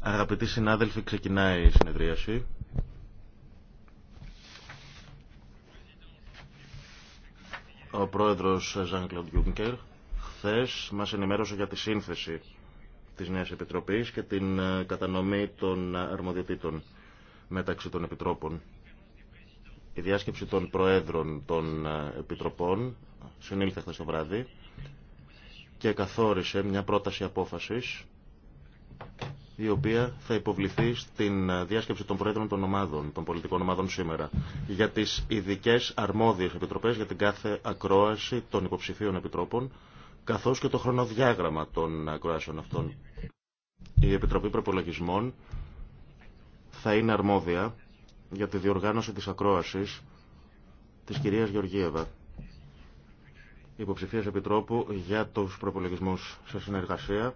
Αγαπητοί συνάδελφοι, ξεκινάει η συνεδρίαση. Ο πρόεδρος Ζαν Κλοντ Γιούγκερ χθες μας ενημέρωσε για τη σύνθεση της Νέας Επιτροπής και την ε, κατανομή των αρμοδιοτήτων μεταξύ των Επιτρόπων. Η διάσκεψη των Προέδρων των ε, Επιτροπών συνήλθε χθες το βράδυ και καθόρισε μια πρόταση απόφασης η οποία θα υποβληθεί στην διάσκεψη των Προέδρων των ομάδων, των πολιτικών ομάδων σήμερα, για τις ειδικέ αρμόδιες επιτροπές για την κάθε ακρόαση των υποψηφίων επιτρόπων, καθώς και το χρονοδιάγραμμα των ακροάσεων αυτών. Η Επιτροπή Προπολογισμών θα είναι αρμόδια για τη διοργάνωση της ακρόασης της κυρίας Γεωργίευα υποψηφίας επιτρόπου για τους προπολογισμούς σε συνεργασία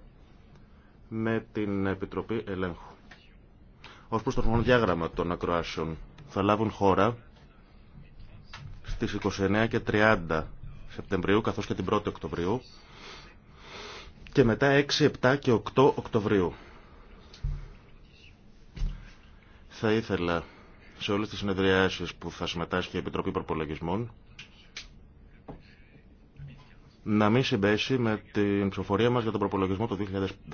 με την Επιτροπή Ελέγχου. Ως προς το χρονοδιάγραμμα των ακροάσεων θα λάβουν χώρα στις 29 και 30 Σεπτεμβρίου καθώς και την 1η Οκτωβρίου και μετά 6, 7 και 8 Οκτωβρίου. Θα ήθελα σε όλες τις συνεδριάσεις που θα συμμετάσχει η Επιτροπή Προπολογισμών να μην συμπέσει με την ψηφοφορία μας για τον προπολογισμό του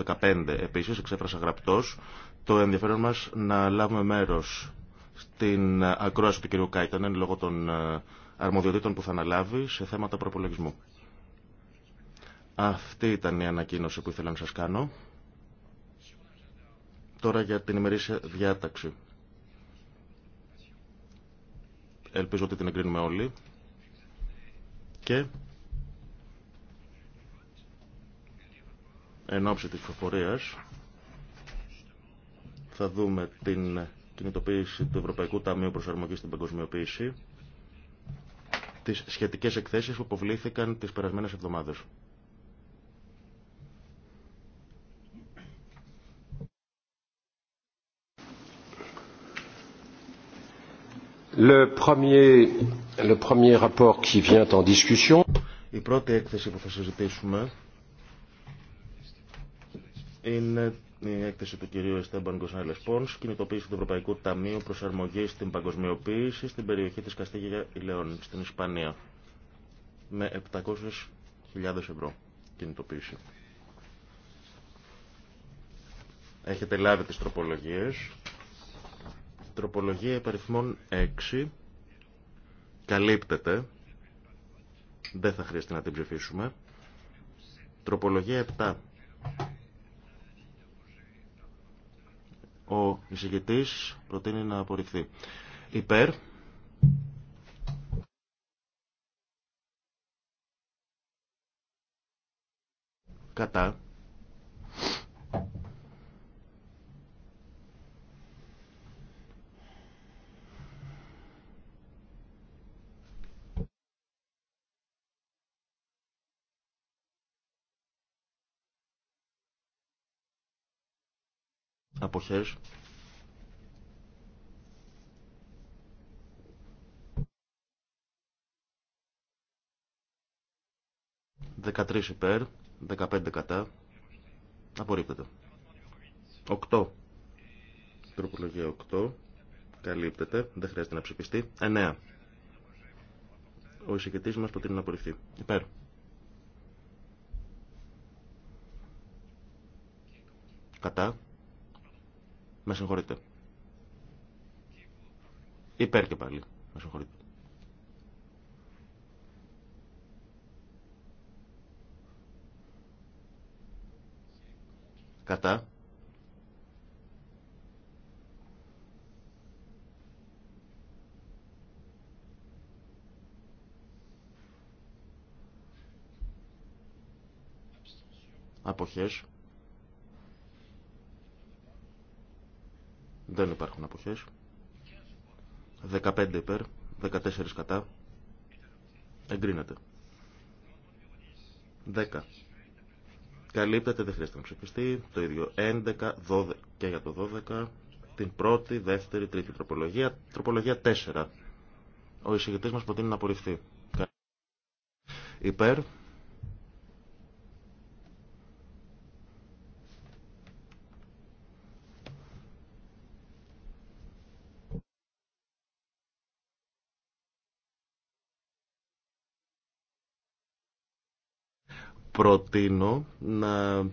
2015. επίση, εξέφρασα γραπτός το ενδιαφέρον μας να λάβουμε μέρος στην ακρόαση του κ. Κάιτανεν λόγω των ε, αρμοδιοτήτων που θα αναλάβει σε θέματα προπολογισμού. Αυτή ήταν η ανακοίνωση που ήθελα να σας κάνω. Τώρα για την ημερήσια διάταξη. Ελπίζω ότι την εγκρίνουμε όλοι. Και εν ώψη της θα δούμε την κινητοποίηση του Ευρωπαϊκού Ταμείου Προσαρμογής στην Παγκοσμιοποίηση τις σχετικές εκθέσεις που αποβλήθηκαν τις περασμένες εβδομάδες. Le premier, le premier rapport qui vient en discussion. Η πρώτη έκθεση που θα συζητήσουμε είναι η έκθεση του κυρίου Εστέμπαν Κοσάλε Πόν, κινητοποίηση του Ευρωπαϊκού Ταμείου Προσαρμογή στην Παγκοσμιοποίηση στην περιοχή τη Καστίγια Ιλεών στην Ισπανία. Με 700.000 ευρώ κινητοποίηση. Έχετε λάβει τις τροπολογίες. Τροπολογία υπαριθμών 6 καλύπτεται. Δεν θα χρειαστεί να την ψηφίσουμε. Τροπολογία 7 Ο εισηγητής προτείνει να απορριφθεί. Υπέρ. Κατά. Αποχέ. 13 υπέρ. 15 κατά. Απορρίπτεται. 8. Τροπολογία 8. Καλύπτεται. Δεν χρειάζεται να ψηφιστεί. 9. Ο εισηγητή μα προτείνει να απορριφθεί. Υπέρ. Κατά. Με συγχωρείτε. Υπέρ και πάλι. Με συγχωρείτε. Κατά. Αποχές. Δεν υπάρχουν αποχές. 15 υπέρ, 14 κατά. Εγκρίνεται. 10. Καλύπτεται, δεν χρειάζεται να ψηφιστεί. Το ίδιο 11, 12 και για το 12. Την πρώτη, δεύτερη, τρίτη τροπολογία. Τροπολογία 4. Ο εισηγητής μας προτείνει να απορριφθεί. Υπέρ, προτείνω να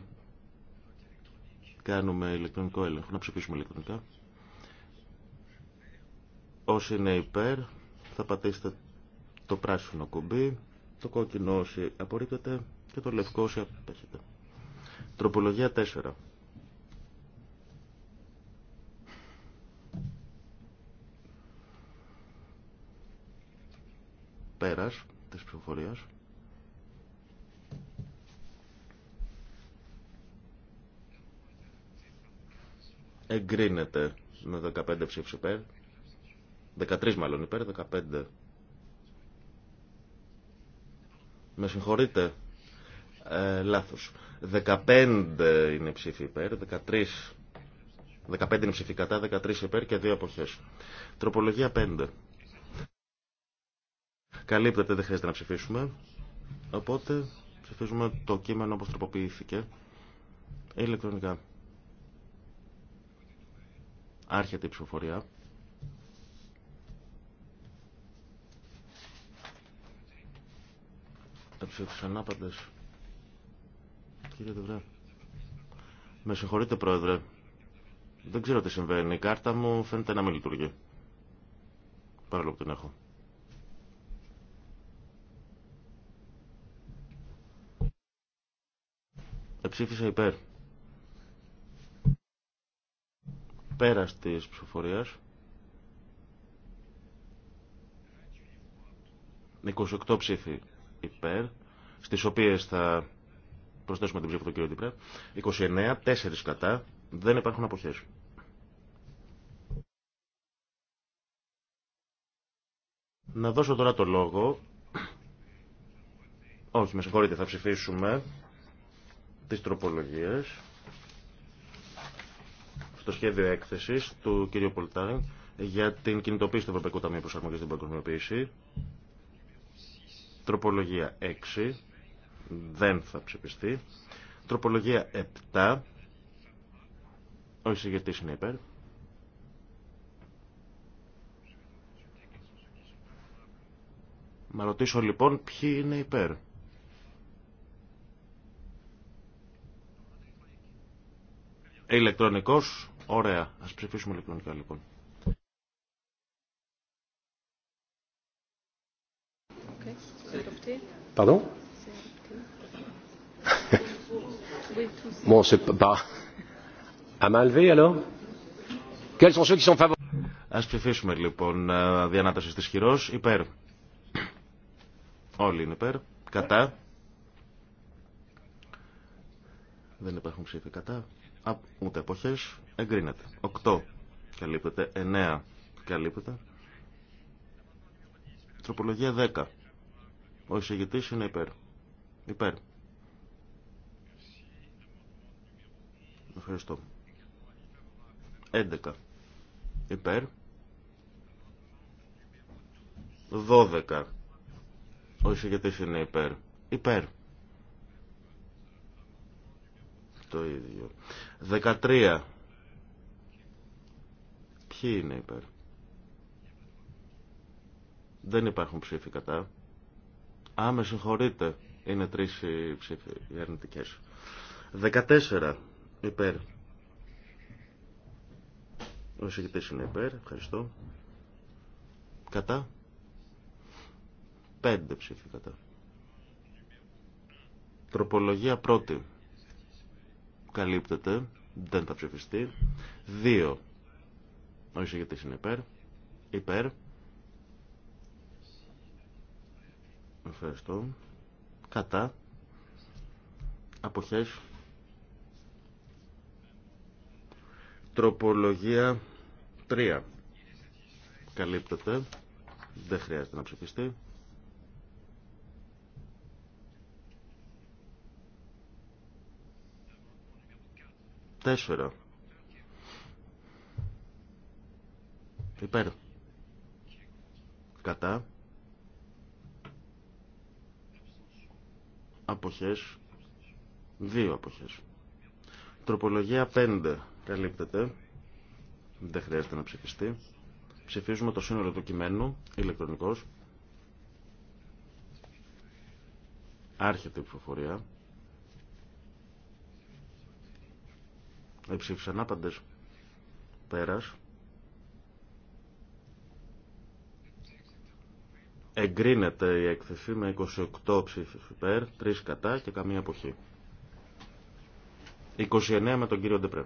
κάνουμε ηλεκτρονικό έλεγχο, να ψηφίσουμε ηλεκτρονικά. Όσοι είναι υπέρ, θα πατήσετε το πράσινο κουμπί, το κόκκινο όσοι απορρίπτεται και το λευκό όσοι απέχετε. Τροπολογία 4. Πέρας της ψηφοφορίας. εγκρίνεται με 15 ψήφου υπέρ, 13 μάλλον υπέρ, 15. Με συγχωρείτε, ε, λάθος. 15 είναι ψήφοι υπέρ, 13 15 είναι ψηφί κατά, 13 υπέρ και 2 αποχές. Τροπολογία 5. Καλύπτεται, δεν χρειάζεται να ψηφίσουμε. Οπότε ψηφίζουμε το κείμενο όπως τροποποιήθηκε ηλεκτρονικά. Άρχεται η ψηφοφορία. Εψήφισαν ανάπαντες. Κύριε Δεβρέ. Με συγχωρείτε πρόεδρε. Δεν ξέρω τι συμβαίνει. Η κάρτα μου φαίνεται να μην λειτουργεί. Παρόλο που την έχω. Εψήφισα υπέρ. Πέρας της ψηφοφορίας. 28 ψήφοι υπέρ, στις οποίες θα προσθέσουμε την ψήφο του κ. Διπρέ. 29, 4 κατά, δεν υπάρχουν αποχές. Να δώσω τώρα το λόγο. Όχι, με συγχωρείτε, θα ψηφίσουμε τις τροπολογίες στο σχέδιο έκθεση του κ. Πολτάρη για την κινητοποίηση του Ευρωπαϊκού Ταμείου Προσαρμογή στην Παγκοσμιοποίηση. Τροπολογία 6. Δεν θα ψηφιστεί. Τροπολογία 7. Ο εισηγητή είναι υπέρ. Να ρωτήσω λοιπόν ποιοι είναι υπέρ. Ηλεκτρονικός Ωραία. Ας ψηφίσουμε ηλεκτρονικά λοιπόν. Pardon Bon, c'est pas... À Ας ψηφίσουμε λοιπόν ε, διανάταση της χειρός. Υπέρ. Όλοι είναι υπέρ. Κατά. Δεν υπάρχουν ψήφοι κατά. Α, ούτε εποχέ. Εγκρίνεται. 8 καλύπτεται. 9 καλύπτεται. Τροπολογία 10. Ο εισηγητή είναι υπέρ. Υπέρ. Ευχαριστώ. 11. Υπέρ. 12. Ο εισηγητής είναι υπέρ. Υπέρ. το ίδιο. 13. Ποιοι είναι υπέρ. Δεν υπάρχουν ψήφοι κατά. Α, με συγχωρείτε. Είναι τρεις οι ψήφοι, οι αρνητικές. 14 υπέρ. Ο συγκεκριτής είναι υπέρ, ευχαριστώ. Κατά. 5 ψήφοι κατά. Τροπολογία πρώτη καλύπτεται, δεν θα ψηφιστεί. Δύο. Ο εισηγητής είναι υπέρ. Υπέρ. Ευχαριστώ. Κατά. Αποχές. Τροπολογία 3. Καλύπτεται. Δεν χρειάζεται να ψηφιστεί. Τέσσερα. Υπέρ. Κατά. Αποχές. Δύο αποχές. Τροπολογία 5. Καλύπτεται. Δεν χρειάζεται να ψηφιστεί. Ψηφίζουμε το σύνολο του κειμένου ηλεκτρονικός. Άρχεται η ψηφοφορία. Εψήφισαν άπαντες. Πέρας. Εγκρίνεται η έκθεση με 28 ψήφους υπέρ, 3 κατά και καμία αποχή. 29 με τον κύριο Ντεπρέ.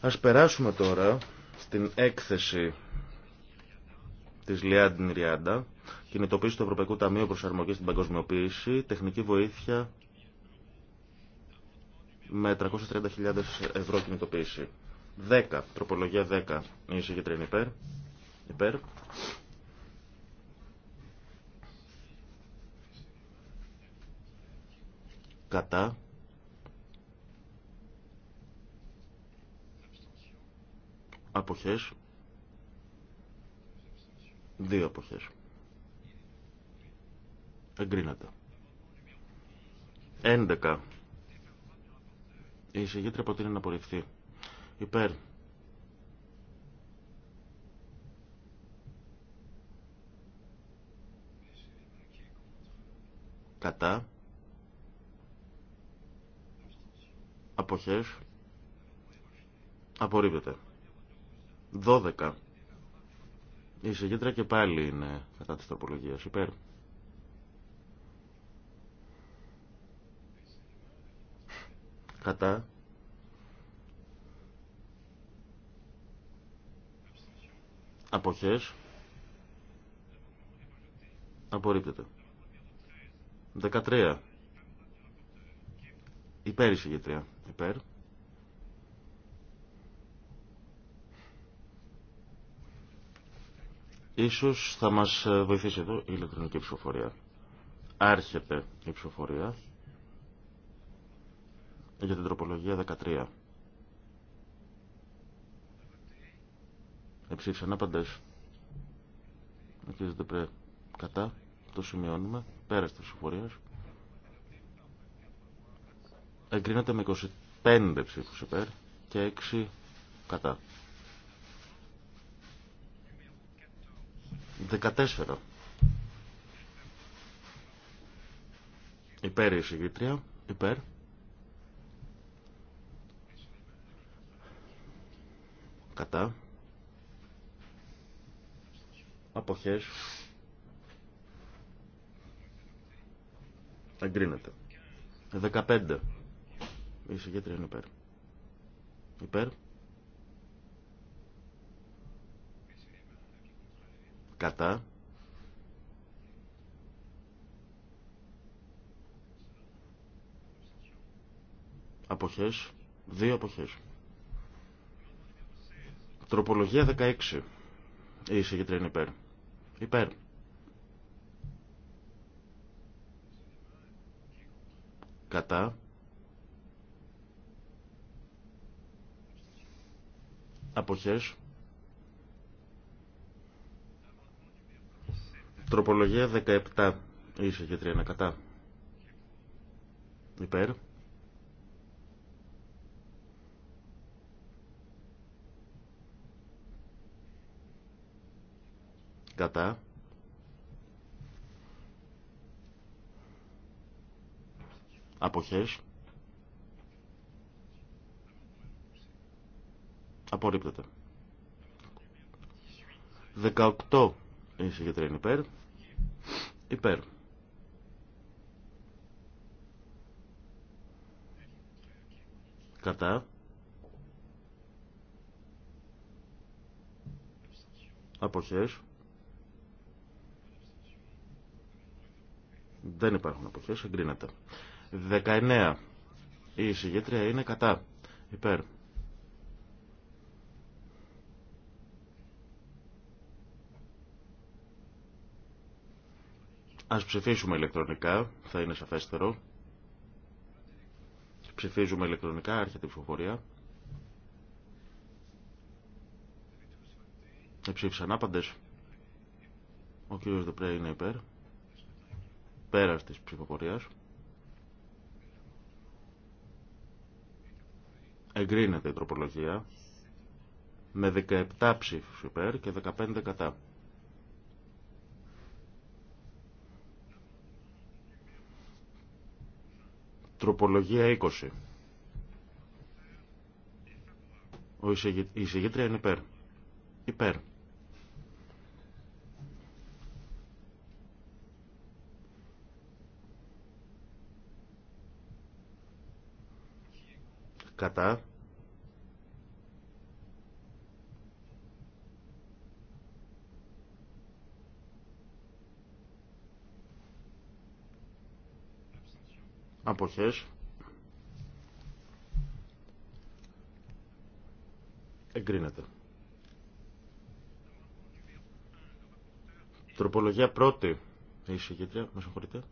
Ας περάσουμε τώρα στην έκθεση τη Λιάντιν Ριάντα, κινητοποίηση του Ευρωπαϊκού Ταμείου Προσαρμογή στην Παγκοσμιοποίηση, τεχνική βοήθεια με 330.000 ευρώ κινητοποίηση. 10, τροπολογία 10, η εισηγήτρια είναι υπέρ. Υπέρ. Κατά. Αποχές. Δύο εποχές. Εγκρίνεται. 11. Η εισηγήτρια προτείνει να απορριφθεί. Υπέρ. Κατά. Αποχές. Απορρίπτεται. Δώδεκα. Η συγκέντρια και πάλι είναι κατά τη τροπολογία. Υπέρ. Κατά. Αποχές. Απορρίπτεται. 13. Υπέρ η συγκέντρια Υπέρ. Ίσως θα μας ε, βοηθήσει εδώ η ηλεκτρονική ψηφοφορία. Άρχεται η ψηφοφορία για την τροπολογία 13. Εψήφισαν απαντές. Ο κ. πρέπει κατά. Το σημειώνουμε. Πέρα της ψηφοφορίας. Εγκρίνεται με 25 ψήφους υπέρ και 6 κατά. 14. Υπέρ η εισηγήτρια. Υπέρ. Κατά. Αποχές. Εγκρίνεται. 15. Η εισηγήτρια είναι υπέρ. Υπέρ. Κατά. Αποχές. Δύο αποχές. Τροπολογία 16. Η εισηγητρία είναι υπέρ. Υπέρ. Κατά. Αποχές. Τροπολογία 17. Είσαι και 31 κατά. Υπέρ. Κατά. Αποχές. Απορρίπτεται. 18 η είναι υπέρ. Υπέρ. Κατά. Αποχές. Δεν υπάρχουν αποχές, εγκρίνεται. 19. Η εισηγήτρια είναι κατά. Υπέρ. Ας ψηφίσουμε ηλεκτρονικά, θα είναι σαφέστερο. Ψηφίζουμε ηλεκτρονικά, έρχεται η ψηφοφορία. Εψήφισαν άπαντες. Ο κύριος Δεπρέ είναι υπέρ. Πέρας της ψηφοφορίας. Εγκρίνεται η τροπολογία με 17 ψήφους υπέρ και 15 κατά. Τροπολογία 20. Ο εισηγη... Η εισηγήτρια είναι υπέρ. Υπέρ. Κατά. αποχές εγκρίνεται. Τροπολογία πρώτη. Η συγκέντρια, με συγχωρείτε.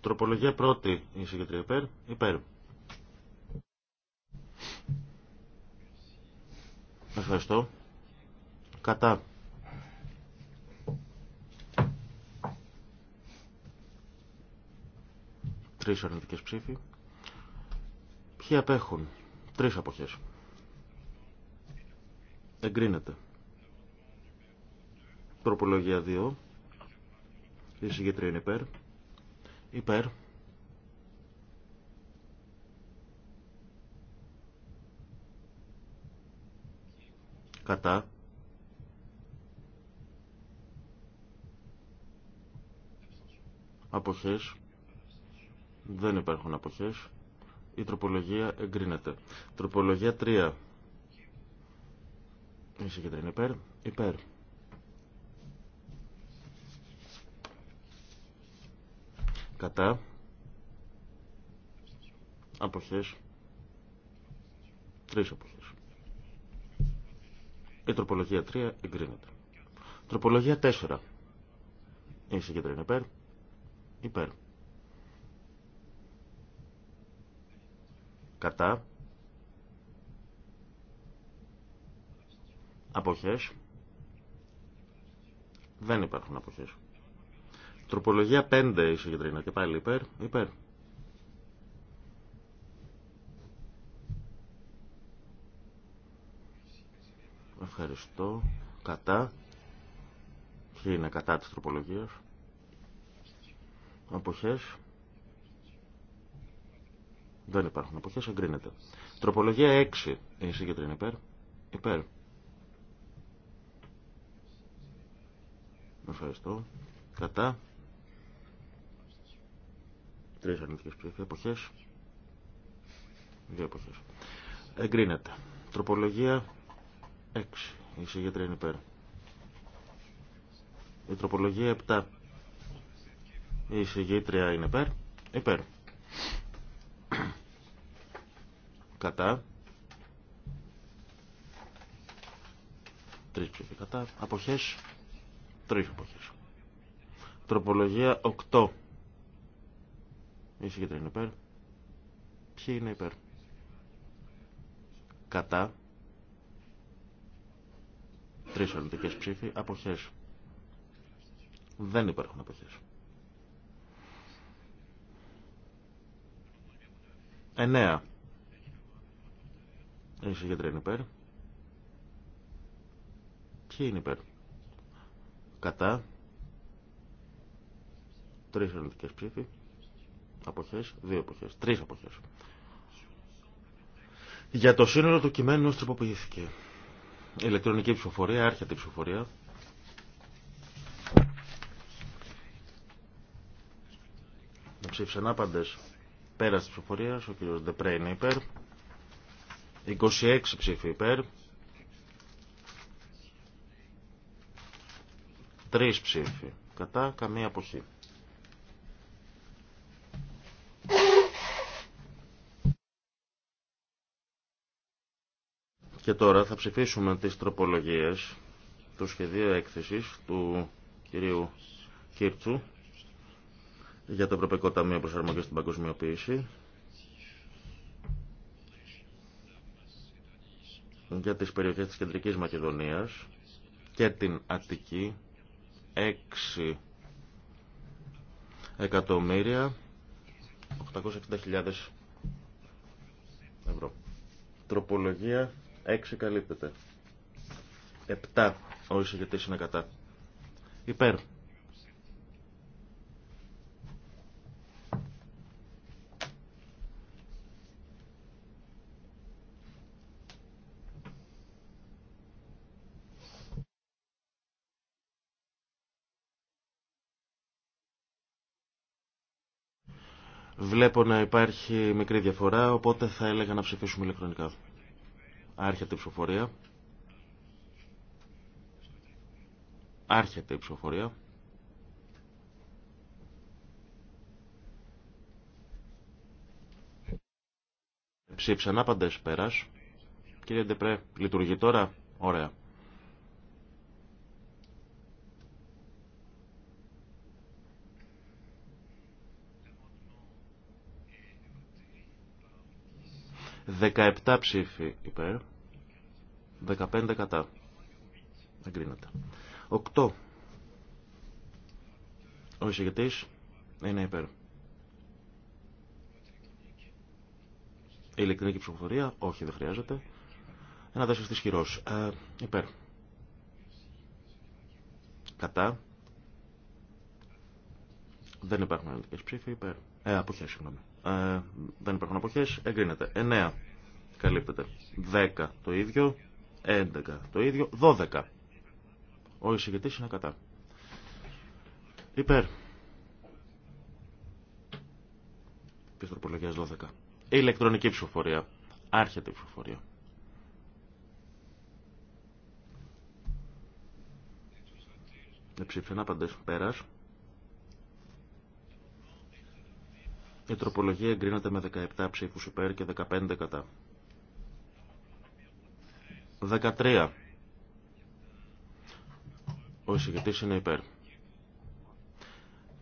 Τροπολογία πρώτη. Η συγκέντρια υπέρ. Υπέρ. Ευχαριστώ. Κατά. Τρεις αρνητικές ψήφοι. Ποιοι απέχουν. Τρεις αποχές. Εγκρίνεται. Τροπολογία 2. Η συγκεκριμένη είναι υπέρ. Υπέρ. Κατά. Αποχές. Δεν υπάρχουν αποχέ. Η τροπολογία εγκρίνεται. Τροπολογία 3. Είσαι και τρέν υπέρ. Υπέρ. Κατά. αποχέ. Τρει αποχές. Η τροπολογία 3 εγκρίνεται. Τροπολογία 4. Είσαι και είναι υπέρ. Υπέρ. Κατά. Αποχές. Δεν υπάρχουν αποχές. Τροπολογία 5 η συγκεντρίνα και πάλι υπέρ. Υπέρ. Ευχαριστώ. Κατά. Ποιοι είναι κατά της τροπολογίας. Αποχές. Δεν υπάρχουν εποχέ, εγκρίνεται. Τροπολογία 6. Η εισηγήτρια είναι υπέρ. Υπέρ. Ευχαριστώ. Κατά. Τρει αρνητικέ ψήφοι. εποχέ. Δύο εποχέ. Εγκρίνεται. Τροπολογία 6. Η εισηγήτρια είναι υπέρ. Η τροπολογία 7. Η εισηγήτρια είναι υπέρ. Υπέρ. Κατά. Τρεις ψήφοι κατά. Αποχές. Τρεις αποχές. Τροπολογία 8. Η συγκεντρία είναι υπέρ. Ποιοι είναι υπέρ. Κατά. Τρεις αρνητικές ψήφοι. Αποχές. Δεν υπάρχουν αποχές. 9. Η συγκέντρια είναι υπέρ. Ποιοι είναι υπέρ. Κατά. Τρεις αρνητικές ψήφοι. Αποχές. Δύο αποχές. Τρεις αποχές. Για το σύνολο του κειμένου στροποποιήθηκε η Ηλεκτρονική ψηφοφορία, άρχεται η ψηφοφορία. ψήφισαν άπαντε πέρα της ψηφοφορία. Ο κ. Ντεπρέ είναι υπέρ. 26 ψήφοι υπέρ. 3 ψήφοι. Κατά καμία αποχή. Και τώρα θα ψηφίσουμε τις τροπολογίες του σχεδίου έκθεσης του κυρίου Κίρτσου για το Ευρωπαϊκό Ταμείο Προσαρμογής στην Παγκοσμιοποίηση. για τις περιοχές της Κεντρικής Μακεδονίας και την Αττική 6 εκατομμύρια 860.000 ευρώ. Τροπολογία 6 καλύπτεται. 7 όσοι γιατί είναι κατά. Υπέρ. Βλέπω να υπάρχει μικρή διαφορά, οπότε θα έλεγα να ψηφίσουμε ηλεκτρονικά. Άρχεται η ψηφοφορία. Άρχεται η ψηφοφορία. να άπαντες πέρας. Κύριε Ντεπρέ, λειτουργεί τώρα. Ωραία. 17 ψήφοι υπέρ, 15 κατά. Εγκρίνεται. 8. Ο εισηγητής είναι υπέρ. Η ηλεκτρική ψηφοφορία, όχι δεν χρειάζεται. Ένα δεύτερο χειρός. Ε, υπέρ. Κατά. Δεν υπάρχουν αρνητικέ ψήφοι υπέρ. Ε, αποχέ, συγγνώμη. Ε, δεν υπάρχουν αποχές. Εγκρίνεται. 9. Καλύπτεται. 10 το ίδιο. 11 το ίδιο. 12. Ο εισηγητής είναι κατά. Υπέρ. Πιστροπολογία 12. Η ηλεκτρονική ψηφοφορία. Άρχεται η ψηφοφορία. Ε, να απαντήσω. πέρας. Η τροπολογία εγκρίνεται με 17 ψήφους υπέρ και 15 κατά. 13. Ο εισηγητής είναι υπέρ.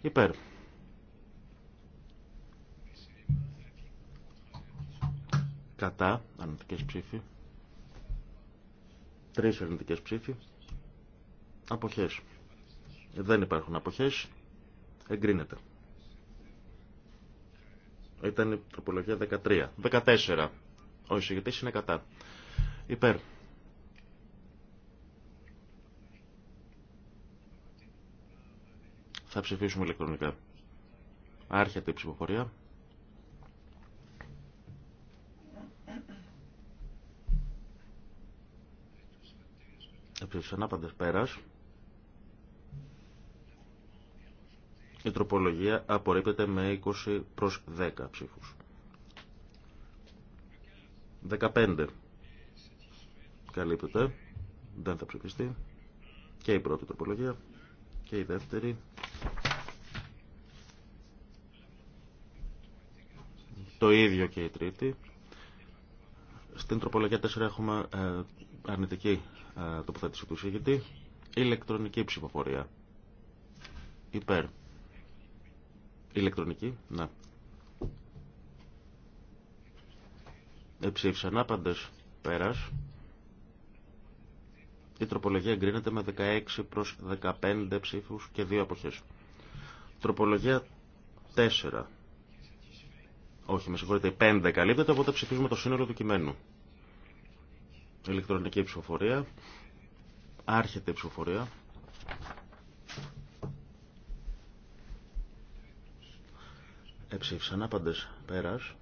Υπέρ. Κατά. Αρνητικές ψήφοι. Τρεις αρνητικέ ψήφοι. Αποχές. Δεν υπάρχουν αποχές. Εγκρίνεται. Ήταν η τροπολογία 13. 14. Ο εισηγητής είναι κατά. Υπέρ. Θα ψηφίσουμε ηλεκτρονικά. Άρχεται η ψηφοφορία. Επίσης, ανάπαντες πέρας. Η τροπολογία απορρίπτεται με 20 προς 10 ψήφους. 15. Καλύπτεται. Δεν θα ψηφιστεί. Και η πρώτη τροπολογία. Και η δεύτερη. Το ίδιο και η τρίτη. Στην τροπολογία 4 έχουμε ε, αρνητική ε, τοποθέτηση του εισηγητή. Ηλεκτρονική ψηφοφορία. Υπέρ. Ηλεκτρονική, ναι. Εψήφισαν άπαντες πέρας. Η τροπολογία εγκρίνεται με 16 προς 15 ψήφους και 2 αποχές. Τροπολογία 4. Όχι, με συγχωρείτε, η 5 καλύπτεται, οπότε ψηφίζουμε το σύνολο του κειμένου. Ηλεκτρονική ψηφοφορία. Άρχεται η ψηφοφορία. Εψήφισαν άπαντες πέρας.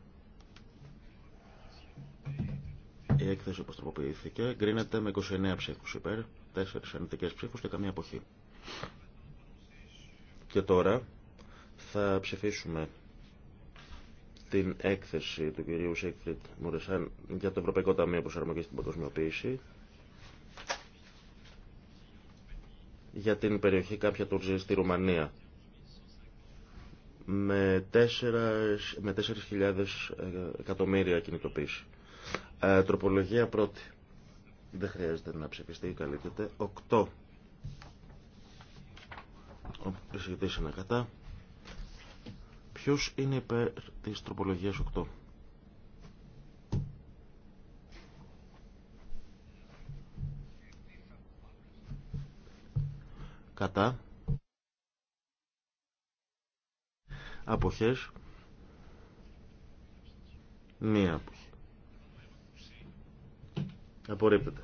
Η έκθεση όπως τροποποιήθηκε γκρίνεται με 29 ψήφους υπέρ, 4 αρνητικές ψήφους και καμία αποχή. Και τώρα θα ψηφίσουμε την έκθεση του κυρίου Σίκτριτ Μουρεσάν για το Ευρωπαϊκό Ταμείο Προσαρμογής στην Παγκοσμιοποίηση για την περιοχή κάποια τουρζή στη Ρουμανία με 4.000 με ε, εκατομμύρια κινητοποίηση. Ε, τροπολογία πρώτη. Δεν χρειάζεται να ψηφιστεί, καλύπτεται. 8. Ο εισηγητής είναι κατά. Ποιος είναι υπέρ της τροπολογίας 8. Κατά. αποχές μία αποχή απορρίπτεται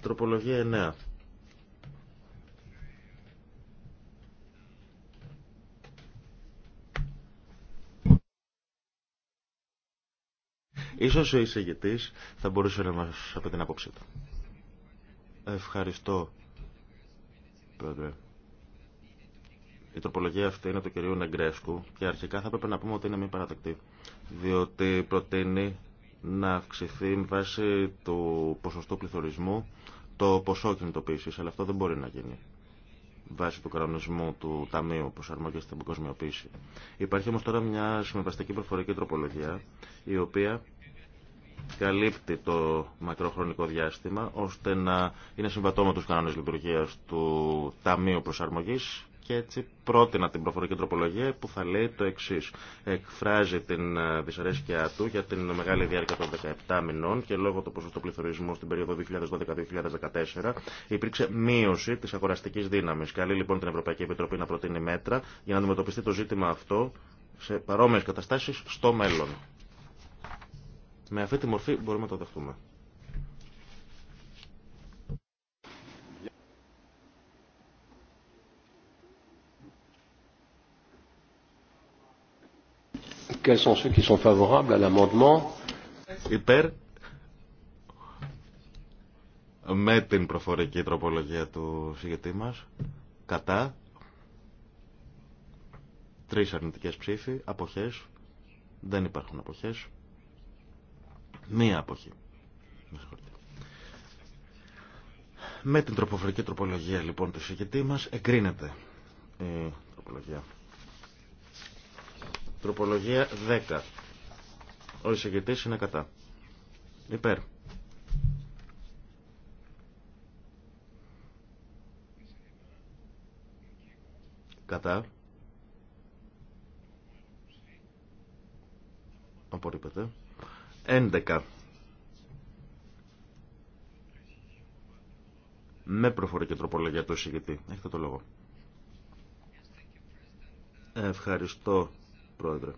τροπολογία 9 Ίσως ο εισηγητής θα μπορούσε να μας από την απόψη του. Ευχαριστώ, Πρόεδρε. Η τροπολογία αυτή είναι του κυρίου Νεγκρέσκου και αρχικά θα έπρεπε να πούμε ότι είναι μη παρατακτή διότι προτείνει να αυξηθεί με βάση του ποσοστού πληθωρισμού το ποσό κινητοποίηση, αλλά αυτό δεν μπορεί να γίνει βάσει του κανονισμού του Ταμείου Προσαρμογή στην Παγκοσμιοποίηση. Υπάρχει όμω τώρα μια συμβαστική προφορική τροπολογία, η οποία καλύπτει το μακροχρονικό διάστημα, ώστε να είναι συμβατό με του κανόνε λειτουργία του Ταμείου Προσαρμογή και έτσι πρότεινα την προφορική τροπολογία που θα λέει το εξή. Εκφράζει την ε, δυσαρέσκειά του για την μεγάλη διάρκεια των 17 μηνών και λόγω του ποσοστού πληθωρισμού στην περίοδο 2012-2014 υπήρξε μείωση τη αγοραστική δύναμη. Καλεί λοιπόν την Ευρωπαϊκή Επιτροπή να προτείνει μέτρα για να αντιμετωπιστεί το ζήτημα αυτό σε παρόμοιε καταστάσει στο μέλλον. Με αυτή τη μορφή μπορούμε να το δεχτούμε. Quels sont ceux qui sont favorables à l'amendement? Υπέρ με την προφορική τροπολογία του συγκεκριτή μας κατά τρει αρνητικέ ψήφοι αποχές δεν υπάρχουν αποχές μία αποχή με την τροποφορική τροπολογία λοιπόν του συγκεκριτή μα εγκρίνεται η τροπολογία Τροπολογία 10. Ο εισηγητής είναι κατά. Υπέρ. Κατά. Απορρίπεται. 11. Με προφορική τροπολογία του εισηγητή. Έχετε το λόγο. Ευχαριστώ Πρόεδρε.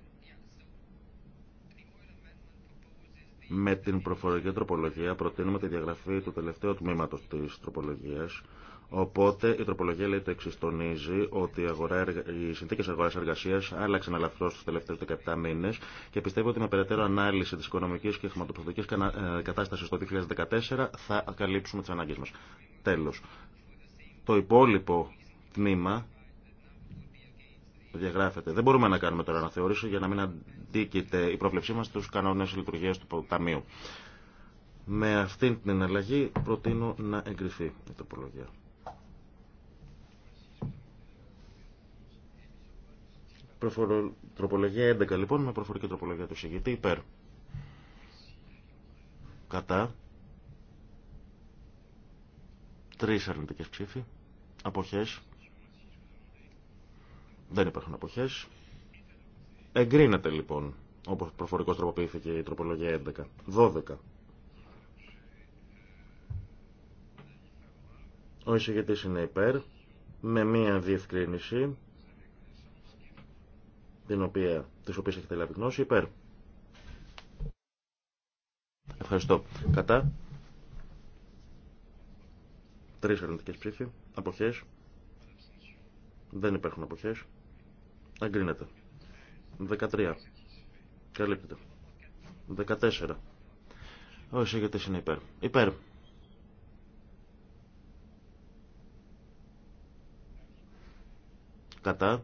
Με την προφορική τροπολογία προτείνουμε τη διαγραφή του τελευταίου τμήματος της τροπολογίας, Οπότε η τροπολογία λέει το εξή. Τονίζει ότι αγορά, οι συνθήκε αγορά εργασία άλλαξαν αλαφρώς τους τελευταίου 17 μήνε και πιστεύω ότι με περαιτέρω ανάλυση τη οικονομική και χρηματοπιστωτική ε, κατάσταση το 2014 θα καλύψουμε τι ανάγκε μα. Τέλο. Το υπόλοιπο τμήμα διαγράφεται. Δεν μπορούμε να κάνουμε τώρα να αναθεώρηση για να μην αντίκειται η πρόβλεψή μα στου κανόνε λειτουργία του Ταμείου. Με αυτήν την εναλλαγή προτείνω να εγκριθεί η τοπολογία. Προφορο... Τροπολογία 11 λοιπόν με προφορική τροπολογία του συγγητή υπέρ. Κατά. Τρεις αρνητικές ψήφοι. Αποχές. Δεν υπάρχουν αποχές. Εγκρίνεται λοιπόν, όπως προφορικώ τροποποιήθηκε η τροπολογία 11. 12. Ο εισηγητής είναι υπέρ, με μία διευκρίνηση, την οποία, της οποίας έχετε λάβει γνώση, υπέρ. Ευχαριστώ. Κατά. Τρεις αρνητικές ψήφοι. Αποχές. Δεν υπάρχουν αποχές. Αγκρίνεται. 13. Καλύπτεται. 14. Ο εισηγητής είναι υπέρ. Υπέρ. Κατά.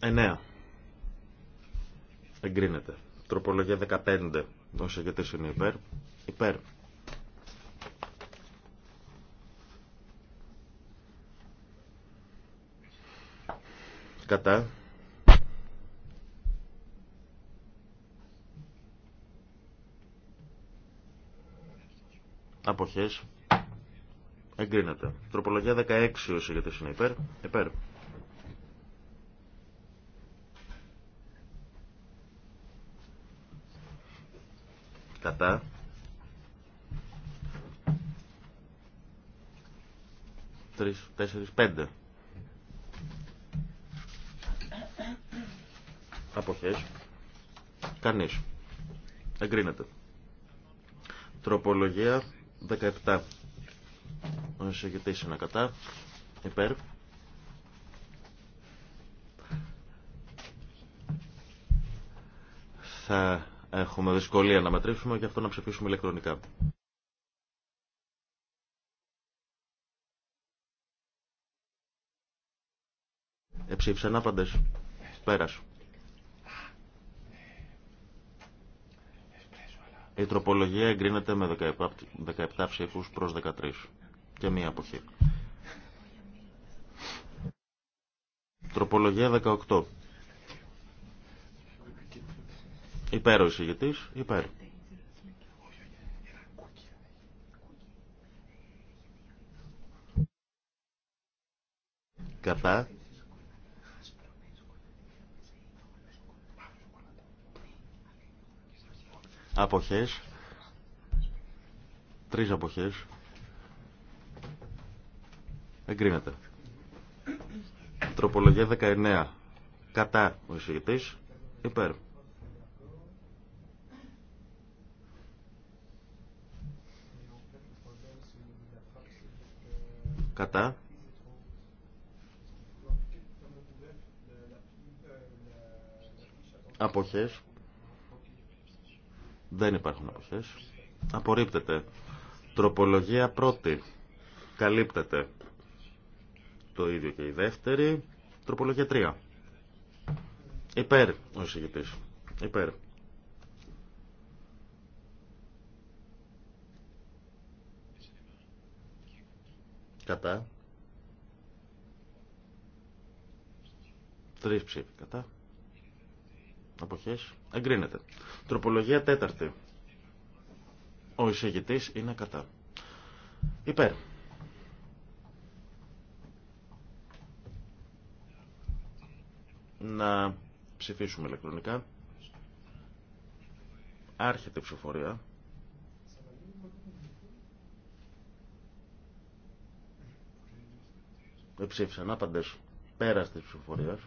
Εννέα. Εγκρίνεται. Τροπολογία 15. Ο εισηγητής είναι υπέρ. Υπέρ. Κατά. Αποχές. Εγκρίνεται. Τροπολογία 16 όσοι για είναι υπέρ. Υπέρ. Κατά. Τρεις, τέσσερις, πέντε. Αποχές. Κανείς. Εγκρίνεται. Τροπολογία 17. Ο εισηγητής είναι κατά. Υπέρ. Θα έχουμε δυσκολία να μετρήσουμε, γι' αυτό να ψηφίσουμε ηλεκτρονικά. Εψήφισαν άπαντες. Πέρασου. Η τροπολογία εγκρίνεται με 17 ψηφού προ 13 και μία αποχή. Τροπολογία 18. Υπέρ ο εισηγητής, υπέρ. Κατά. Αποχές. Τρεις αποχές. Εγκρίνεται. Τροπολογία 19. Κατά ο εισηγητής. Υπέρ. Κατά. Αποχές. Δεν υπάρχουν αποθέσεις. Απορρίπτεται. Τροπολογία πρώτη. Καλύπτεται. Το ίδιο και η δεύτερη. Τροπολογία τρία. Υπέρ ο εισηγητής. Υπέρ. Κατά. Τρεις ψήφοι κατά. Αποχές. Εγκρίνεται. Τροπολογία τέταρτη. Ο εισηγητής είναι κατά. Υπέρ. Να ψηφίσουμε ηλεκτρονικά. Άρχεται η ψηφοφορία. Εψήφισαν άπαντες πέρας της ψηφοφορίας.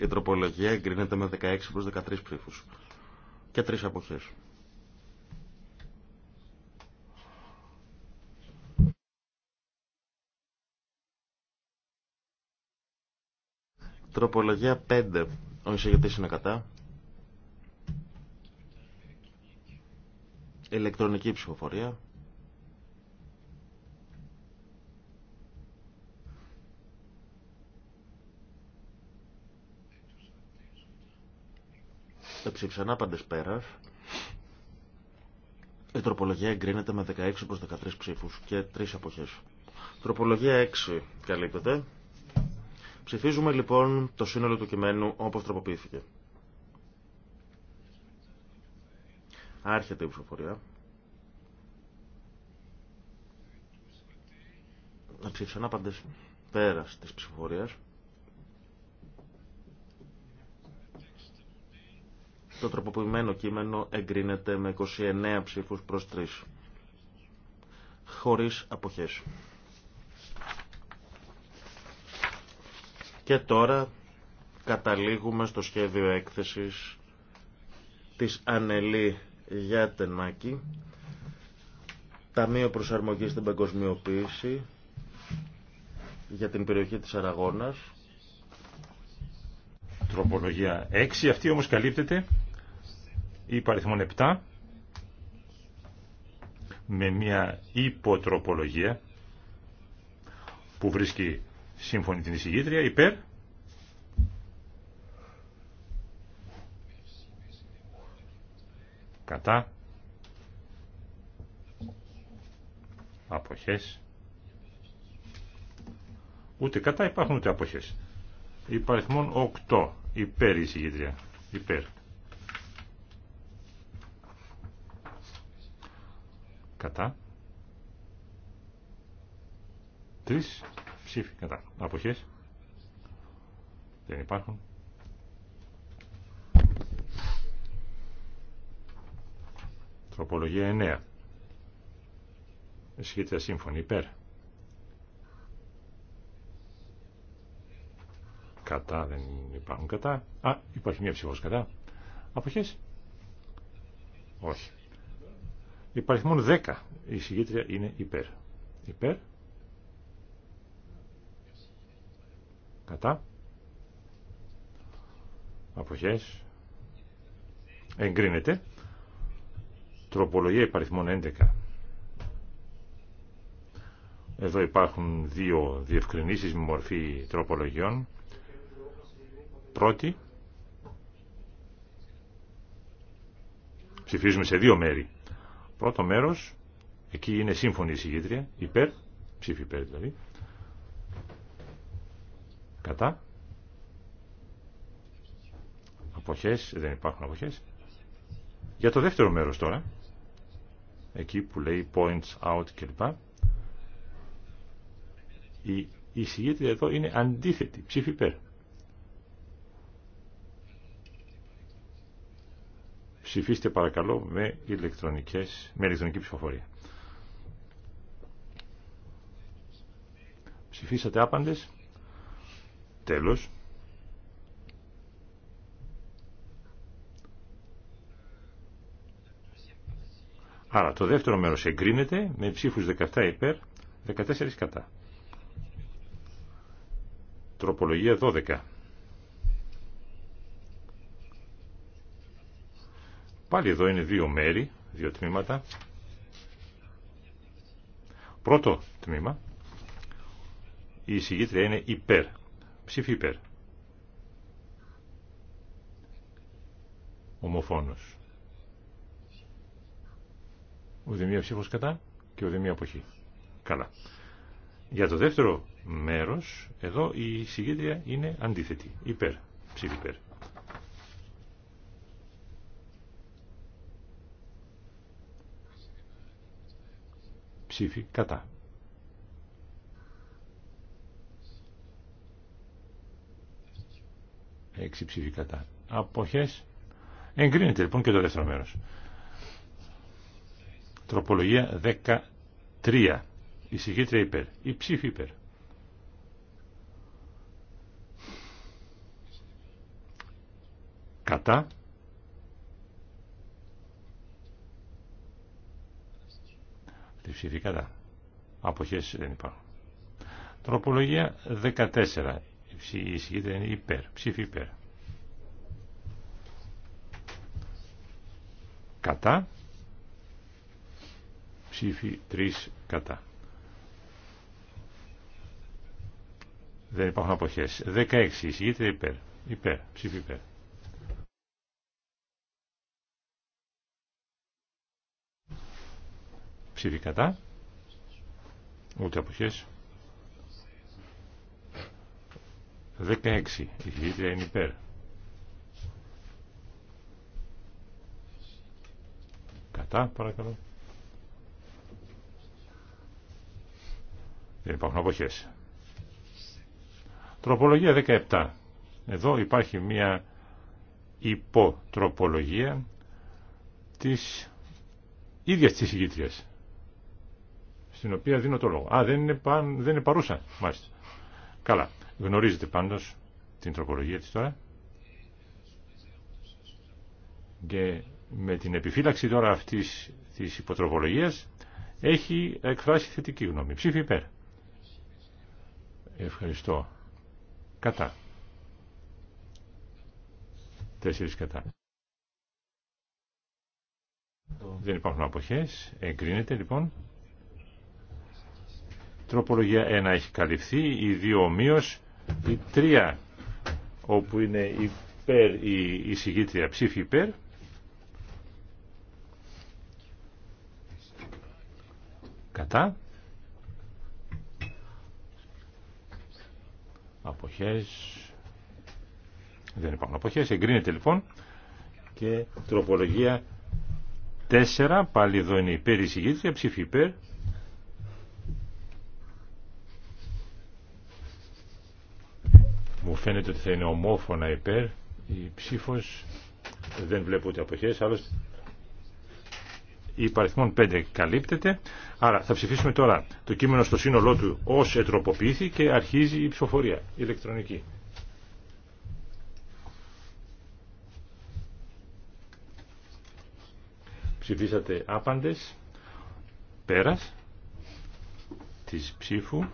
Η τροπολογία εγκρίνεται με 16 προς 13 ψήφους και τρεις αποχές. Τροπολογία 5. Ο εισηγητής είναι κατά. Ηλεκτρονική ψηφοφορία. Εψήφισαν άπαντες πέρα Η τροπολογία εγκρίνεται με 16 προς 13 ψήφους και 3 αποχέ. Τροπολογία 6 καλύπτεται. Ψηφίζουμε λοιπόν το σύνολο του κειμένου όπως τροποποιήθηκε. Άρχεται η ψηφοφορία. Να ψήφισαν άπαντες πέρας της ψηφοφορίας. Το τροποποιημένο κείμενο εγκρίνεται με 29 ψήφους προς 3. Χωρίς αποχές. Και τώρα καταλήγουμε στο σχέδιο έκθεσης της Ανελή Γιάτενμάκη Ταμείο Προσαρμογής στην Παγκοσμιοποίηση για την περιοχή της Αραγώνας Τροπολογία 6 αυτή όμως καλύπτεται Υπάριθμον 7 με μια υποτροπολογία που βρίσκει σύμφωνη την εισηγήτρια υπέρ κατά αποχές ούτε κατά υπάρχουν ούτε αποχές υπαριθμών 8 υπέρ η εισηγήτρια υπέρ κατά. Τρεις ψήφοι κατά. Αποχές. Δεν υπάρχουν. Τροπολογία 9. Σχέτια σύμφωνη υπέρ. Κατά δεν υπάρχουν κατά. Α, υπάρχει μια ψήφος κατά. Αποχές. Όχι. Υπαριθμόν 10. Η συγγήτρια είναι υπέρ. Υπέρ. Κατά. Αποχές. Εγκρίνεται. Τροπολογία υπαριθμών 11. Εδώ υπάρχουν δύο διευκρινήσεις με μορφή τροπολογιών. Πρώτη, ψηφίζουμε σε δύο μέρη. Πρώτο μέρος, εκεί είναι σύμφωνη η συγγήτρια, υπέρ, ψήφι υπέρ δηλαδή, κατά, αποχές, δεν υπάρχουν αποχές. Για το δεύτερο μέρος τώρα, εκεί που λέει points out κλπ. Η, η εδώ είναι αντίθετη, ψήφι υπέρ. Ψηφίστε παρακαλώ με, ηλεκτρονικές, με ηλεκτρονική ψηφοφορία. Ψηφίσατε άπαντες. Τέλος. Άρα το δεύτερο μέρος εγκρίνεται με ψήφους 17 υπέρ, 14 κατά. Τροπολογία 12. Πάλι εδώ είναι δύο μέρη, δύο τμήματα. Πρώτο τμήμα, η εισηγήτρια είναι υπέρ, ψήφι υπέρ. Ομοφόνος. μία ψήφος κατά και μία αποχή. Καλά. Για το δεύτερο μέρος, εδώ η εισηγήτρια είναι αντίθετη, υπέρ, ψήφι υπέρ. ψήφι κατά. Έξι ψήφι κατά. Αποχές. Εγκρίνεται λοιπόν και το δεύτερο μέρος. Τροπολογία 13. Η συγκήτρια υπέρ. Η ψήφι υπέρ. Κατά. Τη ψήφι κατά. Αποχές δεν υπάρχουν. Τροπολογία 14. Η δεν είναι υπέρ. Ψήφι υπέρ. Κατά. Ψήφι 3 κατά. Δεν υπάρχουν αποχές. 16. Η υπέρ. Υπέρ. Ψήφι υπέρ. ψήφι κατά, ούτε αποχές. 16, η χειρίτρια είναι υπέρ. Κατά, παρακαλώ. Δεν υπάρχουν αποχές. Τροπολογία 17. Εδώ υπάρχει μια υποτροπολογία της ίδιας της ηγήτριας στην οποία δίνω το λόγο. Α, δεν είναι, παν, δεν είναι παρούσα, μάλιστα. Καλά. Γνωρίζετε πάντως την τροπολογία της τώρα. Και με την επιφύλαξη τώρα αυτής της υποτροπολογίας έχει εκφράσει θετική γνώμη. Ψήφι υπέρ. Ευχαριστώ. Κατά. Τέσσερις κατά. Δεν υπάρχουν αποχές. Εγκρίνεται λοιπόν. Τροπολογία 1 έχει καλυφθεί, η 2 ομοίως, η 3 όπου είναι υπέρ, η εισηγήτρια ψήφι υπέρ. Κατά. Αποχές. Δεν υπάρχουν αποχές. Εγκρίνεται λοιπόν και τροπολογία 4. Πάλι εδώ είναι υπέρ η εισηγήτρια ψήφι υπέρ. Μου φαίνεται ότι θα είναι ομόφωνα υπέρ. Η ψήφος δεν βλέπω ούτε αποχές. Άλλωστε η παριθμόν 5 καλύπτεται. Άρα θα ψηφίσουμε τώρα το κείμενο στο σύνολό του ως ετροποποιήθη και αρχίζει η ψηφοφορία ηλεκτρονική. Ψηφίσατε άπαντες πέρας της ψήφου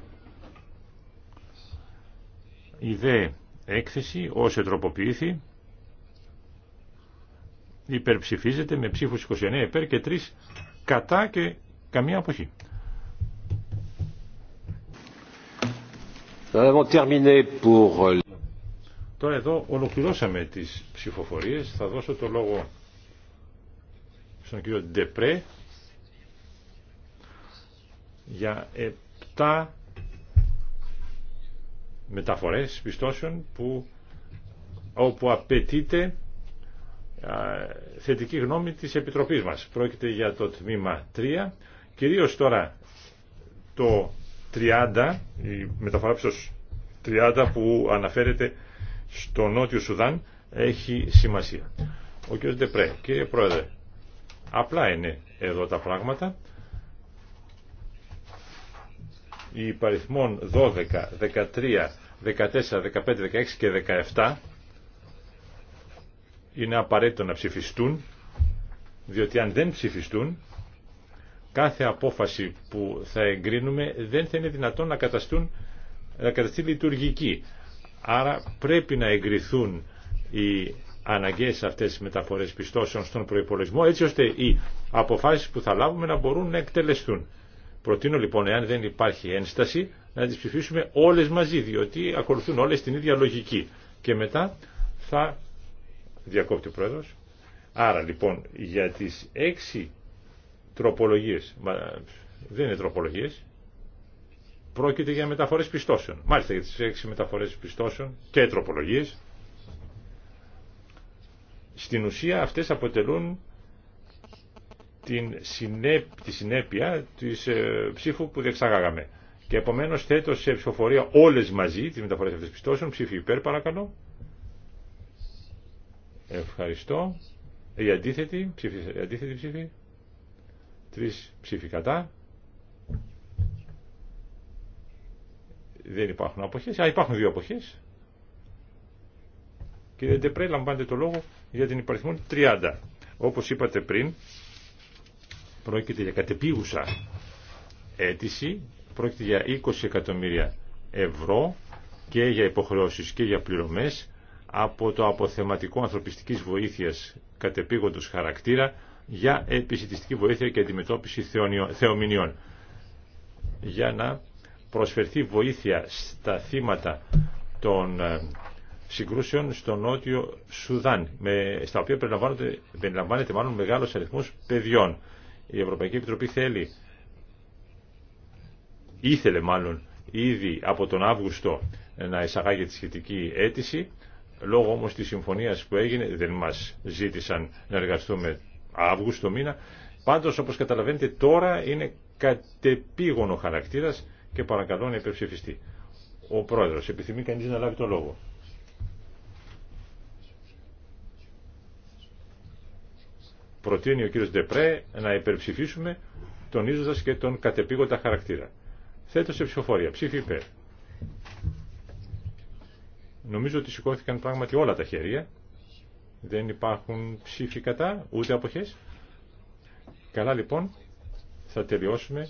η δε έκθεση όσο τροποποιήθη υπερψηφίζεται με ψήφους 29 υπέρ και 3 κατά και καμία αποχή. Τώρα εδώ ολοκληρώσαμε τις ψηφοφορίες. Θα δώσω το λόγο στον κύριο Ντεπρέ για 7 μεταφορές πιστώσεων που, όπου απαιτείται θετική γνώμη της Επιτροπής μας. Πρόκειται για το τμήμα 3, κυρίως τώρα το 30, η μεταφορά πιστώσεων 30 που αναφέρεται στο Νότιο Σουδάν έχει σημασία. Ο κ. Ντεπρέ, κύριε Πρόεδρε, απλά είναι εδώ τα πράγματα υπαριθμών 12, 13, 14, 15, 16 και 17 είναι απαραίτητο να ψηφιστούν, διότι αν δεν ψηφιστούν, κάθε απόφαση που θα εγκρίνουμε δεν θα είναι δυνατόν να, καταστούν, να καταστεί λειτουργική. Άρα πρέπει να εγκριθούν οι αναγκαίες αυτές τις μεταφορές πιστώσεων στον προϋπολογισμό, έτσι ώστε οι αποφάσεις που θα λάβουμε να μπορούν να εκτελεστούν. Προτείνω λοιπόν, εάν δεν υπάρχει ένσταση, να τις ψηφίσουμε όλες μαζί, διότι ακολουθούν όλες την ίδια λογική. Και μετά θα διακόπτει ο Πρόεδρος. Άρα λοιπόν για τις έξι τροπολογίες, δεν είναι τροπολογίες, πρόκειται για μεταφορές πιστώσεων. Μάλιστα για τις έξι μεταφορές πιστώσεων και τροπολογίες. Στην ουσία αυτές αποτελούν την τη συνέπεια της ε, ψήφου που διεξάγαγαμε. Και επομένως θέτω σε ψηφοφορία όλες μαζί τις μεταφορές αυτές πιστώσεων. Ψήφι υπέρ παρακαλώ. Ευχαριστώ. Η αντίθετη ψήφι. Η αντίθετη ψήφι. Τρεις ψήφοι κατά. Δεν υπάρχουν αποχές. Α, υπάρχουν δύο αποχές. Κύριε Ντεπρέ, λαμβάνετε το λόγο για την υπαριθμό 30. Όπως είπατε πριν, Πρόκειται για κατεπίγουσα αίτηση, πρόκειται για 20 εκατομμύρια ευρώ και για υποχρεώσεις και για πληρωμές από το αποθεματικό ανθρωπιστικής βοήθειας κατεπίγοντος χαρακτήρα για επισητιστική βοήθεια και αντιμετώπιση θεομηνιών. Για να προσφερθεί βοήθεια στα θύματα των ε, συγκρούσεων στο νότιο Σουδάν, με, στα οποία περιλαμβάνεται μάλλον μεγάλος αριθμός παιδιών. Η Ευρωπαϊκή Επιτροπή θέλει, ήθελε μάλλον ήδη από τον Αύγουστο να εισαγάγει τη σχετική αίτηση, λόγω όμως της συμφωνίας που έγινε, δεν μας ζήτησαν να εργαστούμε Αύγουστο μήνα, πάντως όπως καταλαβαίνετε τώρα είναι κατεπίγονο χαρακτήρας και παρακαλώ να υπερψηφιστεί. Ο Πρόεδρος, επιθυμεί κανείς να λάβει το λόγο. προτείνει ο κύριος Ντεπρέ να υπερψηφίσουμε τονίζοντας και τον κατεπήγοντα χαρακτήρα. Θέτω σε ψηφοφορία. Ψήφι υπέρ. Νομίζω ότι σηκώθηκαν πράγματι όλα τα χέρια. Δεν υπάρχουν ψήφοι κατά, ούτε αποχές. Καλά λοιπόν, θα τελειώσουμε.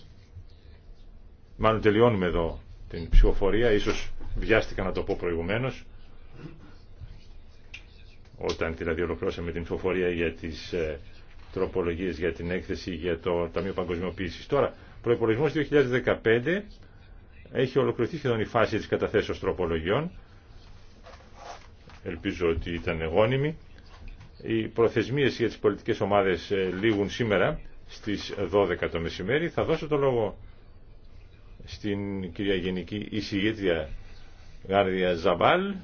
Μάλλον τελειώνουμε εδώ την ψηφοφορία. Ίσως βιάστηκα να το πω προηγουμένως. Όταν δηλαδή ολοκληρώσαμε την ψηφοφορία για τις ε, Τροπολογίε για την έκθεση για το Ταμείο παγκοσμιοποίηση. Τώρα, προπολογισμό 2015 έχει ολοκληρωθεί σχεδόν η φάση της καταθέσεως τροπολογιών. Ελπίζω ότι ήταν γόνιμη. Οι προθεσμίε για τις πολιτικές ομάδες ε, λήγουν σήμερα στις 12 το μεσημέρι. Θα δώσω το λόγο στην κυρία Γενική Εισηγήτρια Γάρδια Ζαμπάλ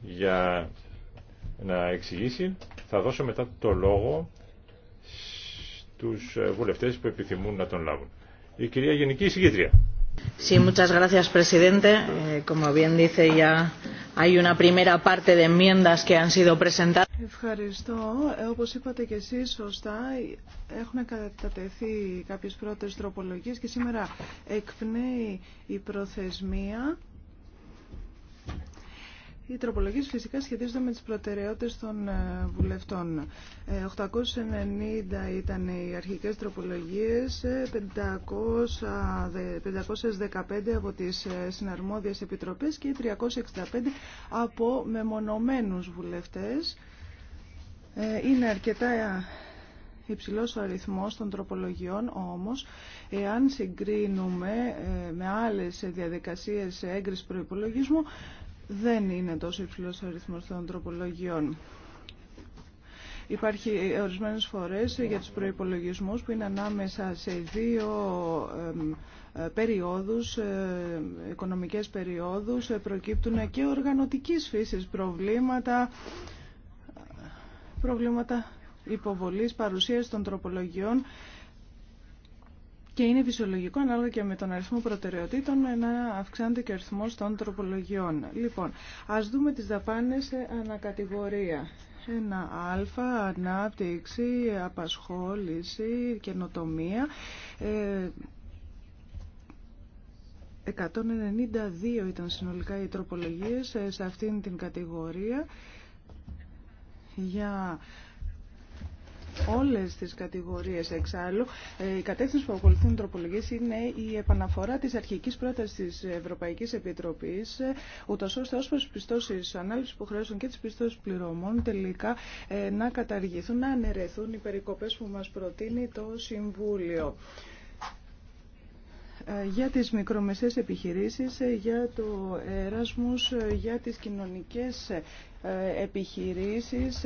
για να εξηγήσει θα δώσω μετά το λόγο στους ε, βουλευτές που επιθυμούν να τον λάβουν. Η κυρία Γενική Συγκήτρια. Sí, muchas Ευχαριστώ. Όπως είπατε και εσείς σωστά, έχουν κατατεθεί κάποιες πρώτες τροπολογίες και σήμερα εκπνέει η προθεσμία οι τροπολογίε φυσικά σχετίζονται με τις προτεραιότητε των ε, βουλευτών. 890 ε, ήταν οι αρχικέ τροπολογίε, 515 από τις ε, συναρμόδιες επιτροπές και 365 από μεμονωμένου βουλευτέ. Είναι αρκετά υψηλό ο αριθμός των τροπολογιών, όμως εάν συγκρίνουμε με άλλες διαδικασίε έγκριση προπολογισμού δεν είναι τόσο υψηλός ο αριθμός των τροπολογιών. Υπάρχει ορισμένες φορές για τους προϋπολογισμούς που είναι ανάμεσα σε δύο ε, περιόδους, ε, οικονομικές περιόδους, ε, προκύπτουν και οργανωτικής φύσης προβλήματα, προβλήματα υποβολής, παρουσίας των τροπολογιών και είναι φυσιολογικό ανάλογα και με τον αριθμό προτεραιοτήτων να αυξάνεται και ο αριθμό των τροπολογιών. Λοιπόν, ας δούμε τις δαπάνε σε ανακατηγορία. Ένα α, ανάπτυξη, απασχόληση, καινοτομία. 192 ε, ήταν συνολικά οι τροπολογίες ε, σε αυτήν την κατηγορία για όλες τις κατηγορίες εξάλλου. Η ε, κατεύθυνση που ακολουθούν οι είναι η επαναφορά της αρχικής πρότασης της Ευρωπαϊκής Επιτροπής, ε, ούτως ώστε ως προς πιστώσεις που χρειάζονται και τις πιστώσεις πληρωμών τελικά ε, να καταργηθούν, να αναιρεθούν οι περικοπές που μας προτείνει το Συμβούλιο. Ε, για τις μικρομεσαίες επιχειρήσεις, ε, για το Εράσμους, για τις κοινωνικές ε, επιχειρήσεις.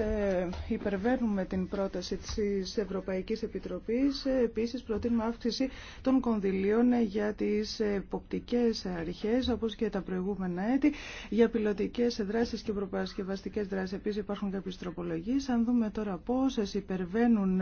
Υπερβαίνουμε την πρόταση της Ευρωπαϊκής Επιτροπής. Επίσης προτείνουμε αύξηση των κονδυλίων για τις υποπτικές αρχές, όπως και τα προηγούμενα έτη, για πιλωτικές δράσεις και προπαρασκευαστικές δράσεις. Επίσης υπάρχουν κάποιες τροπολογίες. Αν δούμε τώρα πόσες υπερβαίνουν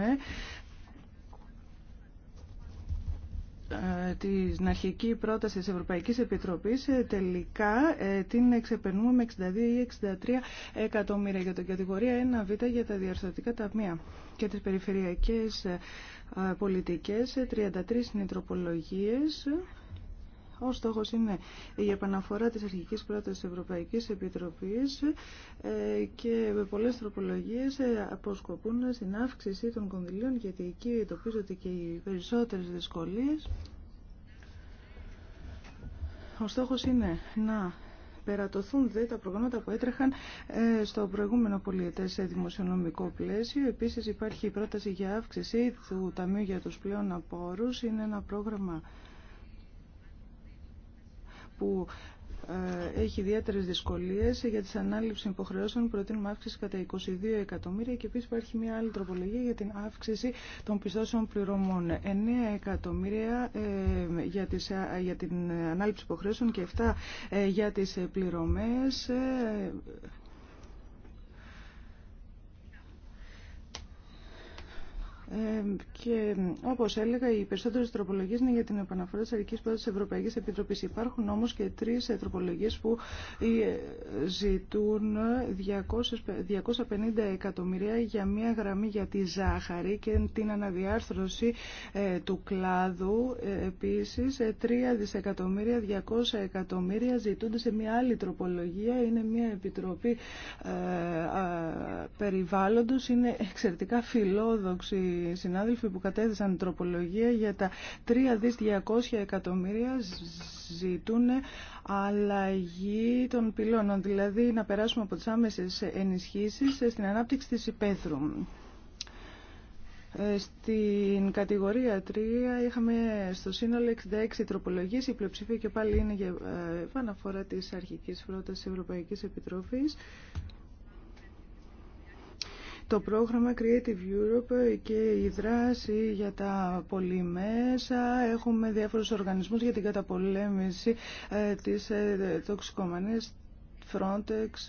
ε, της αρχική πρόταση της Ευρωπαϊκής Επιτροπής ε, τελικά ε, την εξεπερνούμε με 62 ή 63 εκατομμύρια για την κατηγορία 1β για τα διαρθρωτικά ταμεία και τις περιφερειακές πολιτικές 33 συνετροπολογίες ο στόχος είναι η επαναφορά της αρχικής πρότασης της Ευρωπαϊκής Επιτροπής ε, και με πολλές τροπολογίες ε, αποσκοπούν στην αύξηση των κονδυλίων γιατί εκεί εντοπίζονται και οι περισσότερες δυσκολίες. Ο στόχος είναι να περατωθούν δε τα προγράμματα που έτρεχαν ε, στο προηγούμενο πολιετές σε δημοσιονομικό πλαίσιο. Επίση, υπάρχει η πρόταση για αύξηση του Ταμείου για τους Πλέον Απόρους. Είναι ένα πρόγραμμα που ε, έχει ιδιαίτερε δυσκολίε για τι ανάληψη υποχρεώσεων. Προτείνουμε αύξηση κατά 22 εκατομμύρια και επίση υπάρχει μια άλλη τροπολογία για την αύξηση των πιστώσεων πληρωμών. 9 εκατομμύρια ε, για, τις, ε, για την ανάληψη υποχρεώσεων και 7 για τι πληρωμέ. και όπω έλεγα, οι περισσότερε τροπολογίε είναι για την επαναφορά τη αρχική πρόταση τη Ευρωπαϊκή Επιτροπή. Υπάρχουν όμω και τρει ε, τροπολογίε που ε, ζητούν 200, 250 εκατομμυρία για μία γραμμή για τη ζάχαρη και την αναδιάρθρωση ε, του κλάδου. Επίση, 3 δισεκατομμύρια, 200 εκατομμύρια ζητούνται σε μία άλλη τροπολογία. Είναι μία επιτροπή περιβάλλοντο, Είναι εξαιρετικά φιλόδοξη οι συνάδελφοι που κατέθεσαν τροπολογία για τα 3 δις 200 εκατομμύρια ζητούν αλλαγή των πυλών. δηλαδή να περάσουμε από τις άμεσες ενισχύσεις στην ανάπτυξη της υπαίθρου. Ε, στην κατηγορία 3 είχαμε στο σύνολο 66 τροπολογίες, η πλειοψήφια και πάλι είναι για ε, επαναφορά της αρχικής πρότασης Ευρωπαϊκής Επιτροφής. Το πρόγραμμα Creative Europe και η δράση για τα πολυμέσα. Έχουμε διάφορους οργανισμούς για την καταπολέμηση ε, της ε, τοξικομανίας Frontex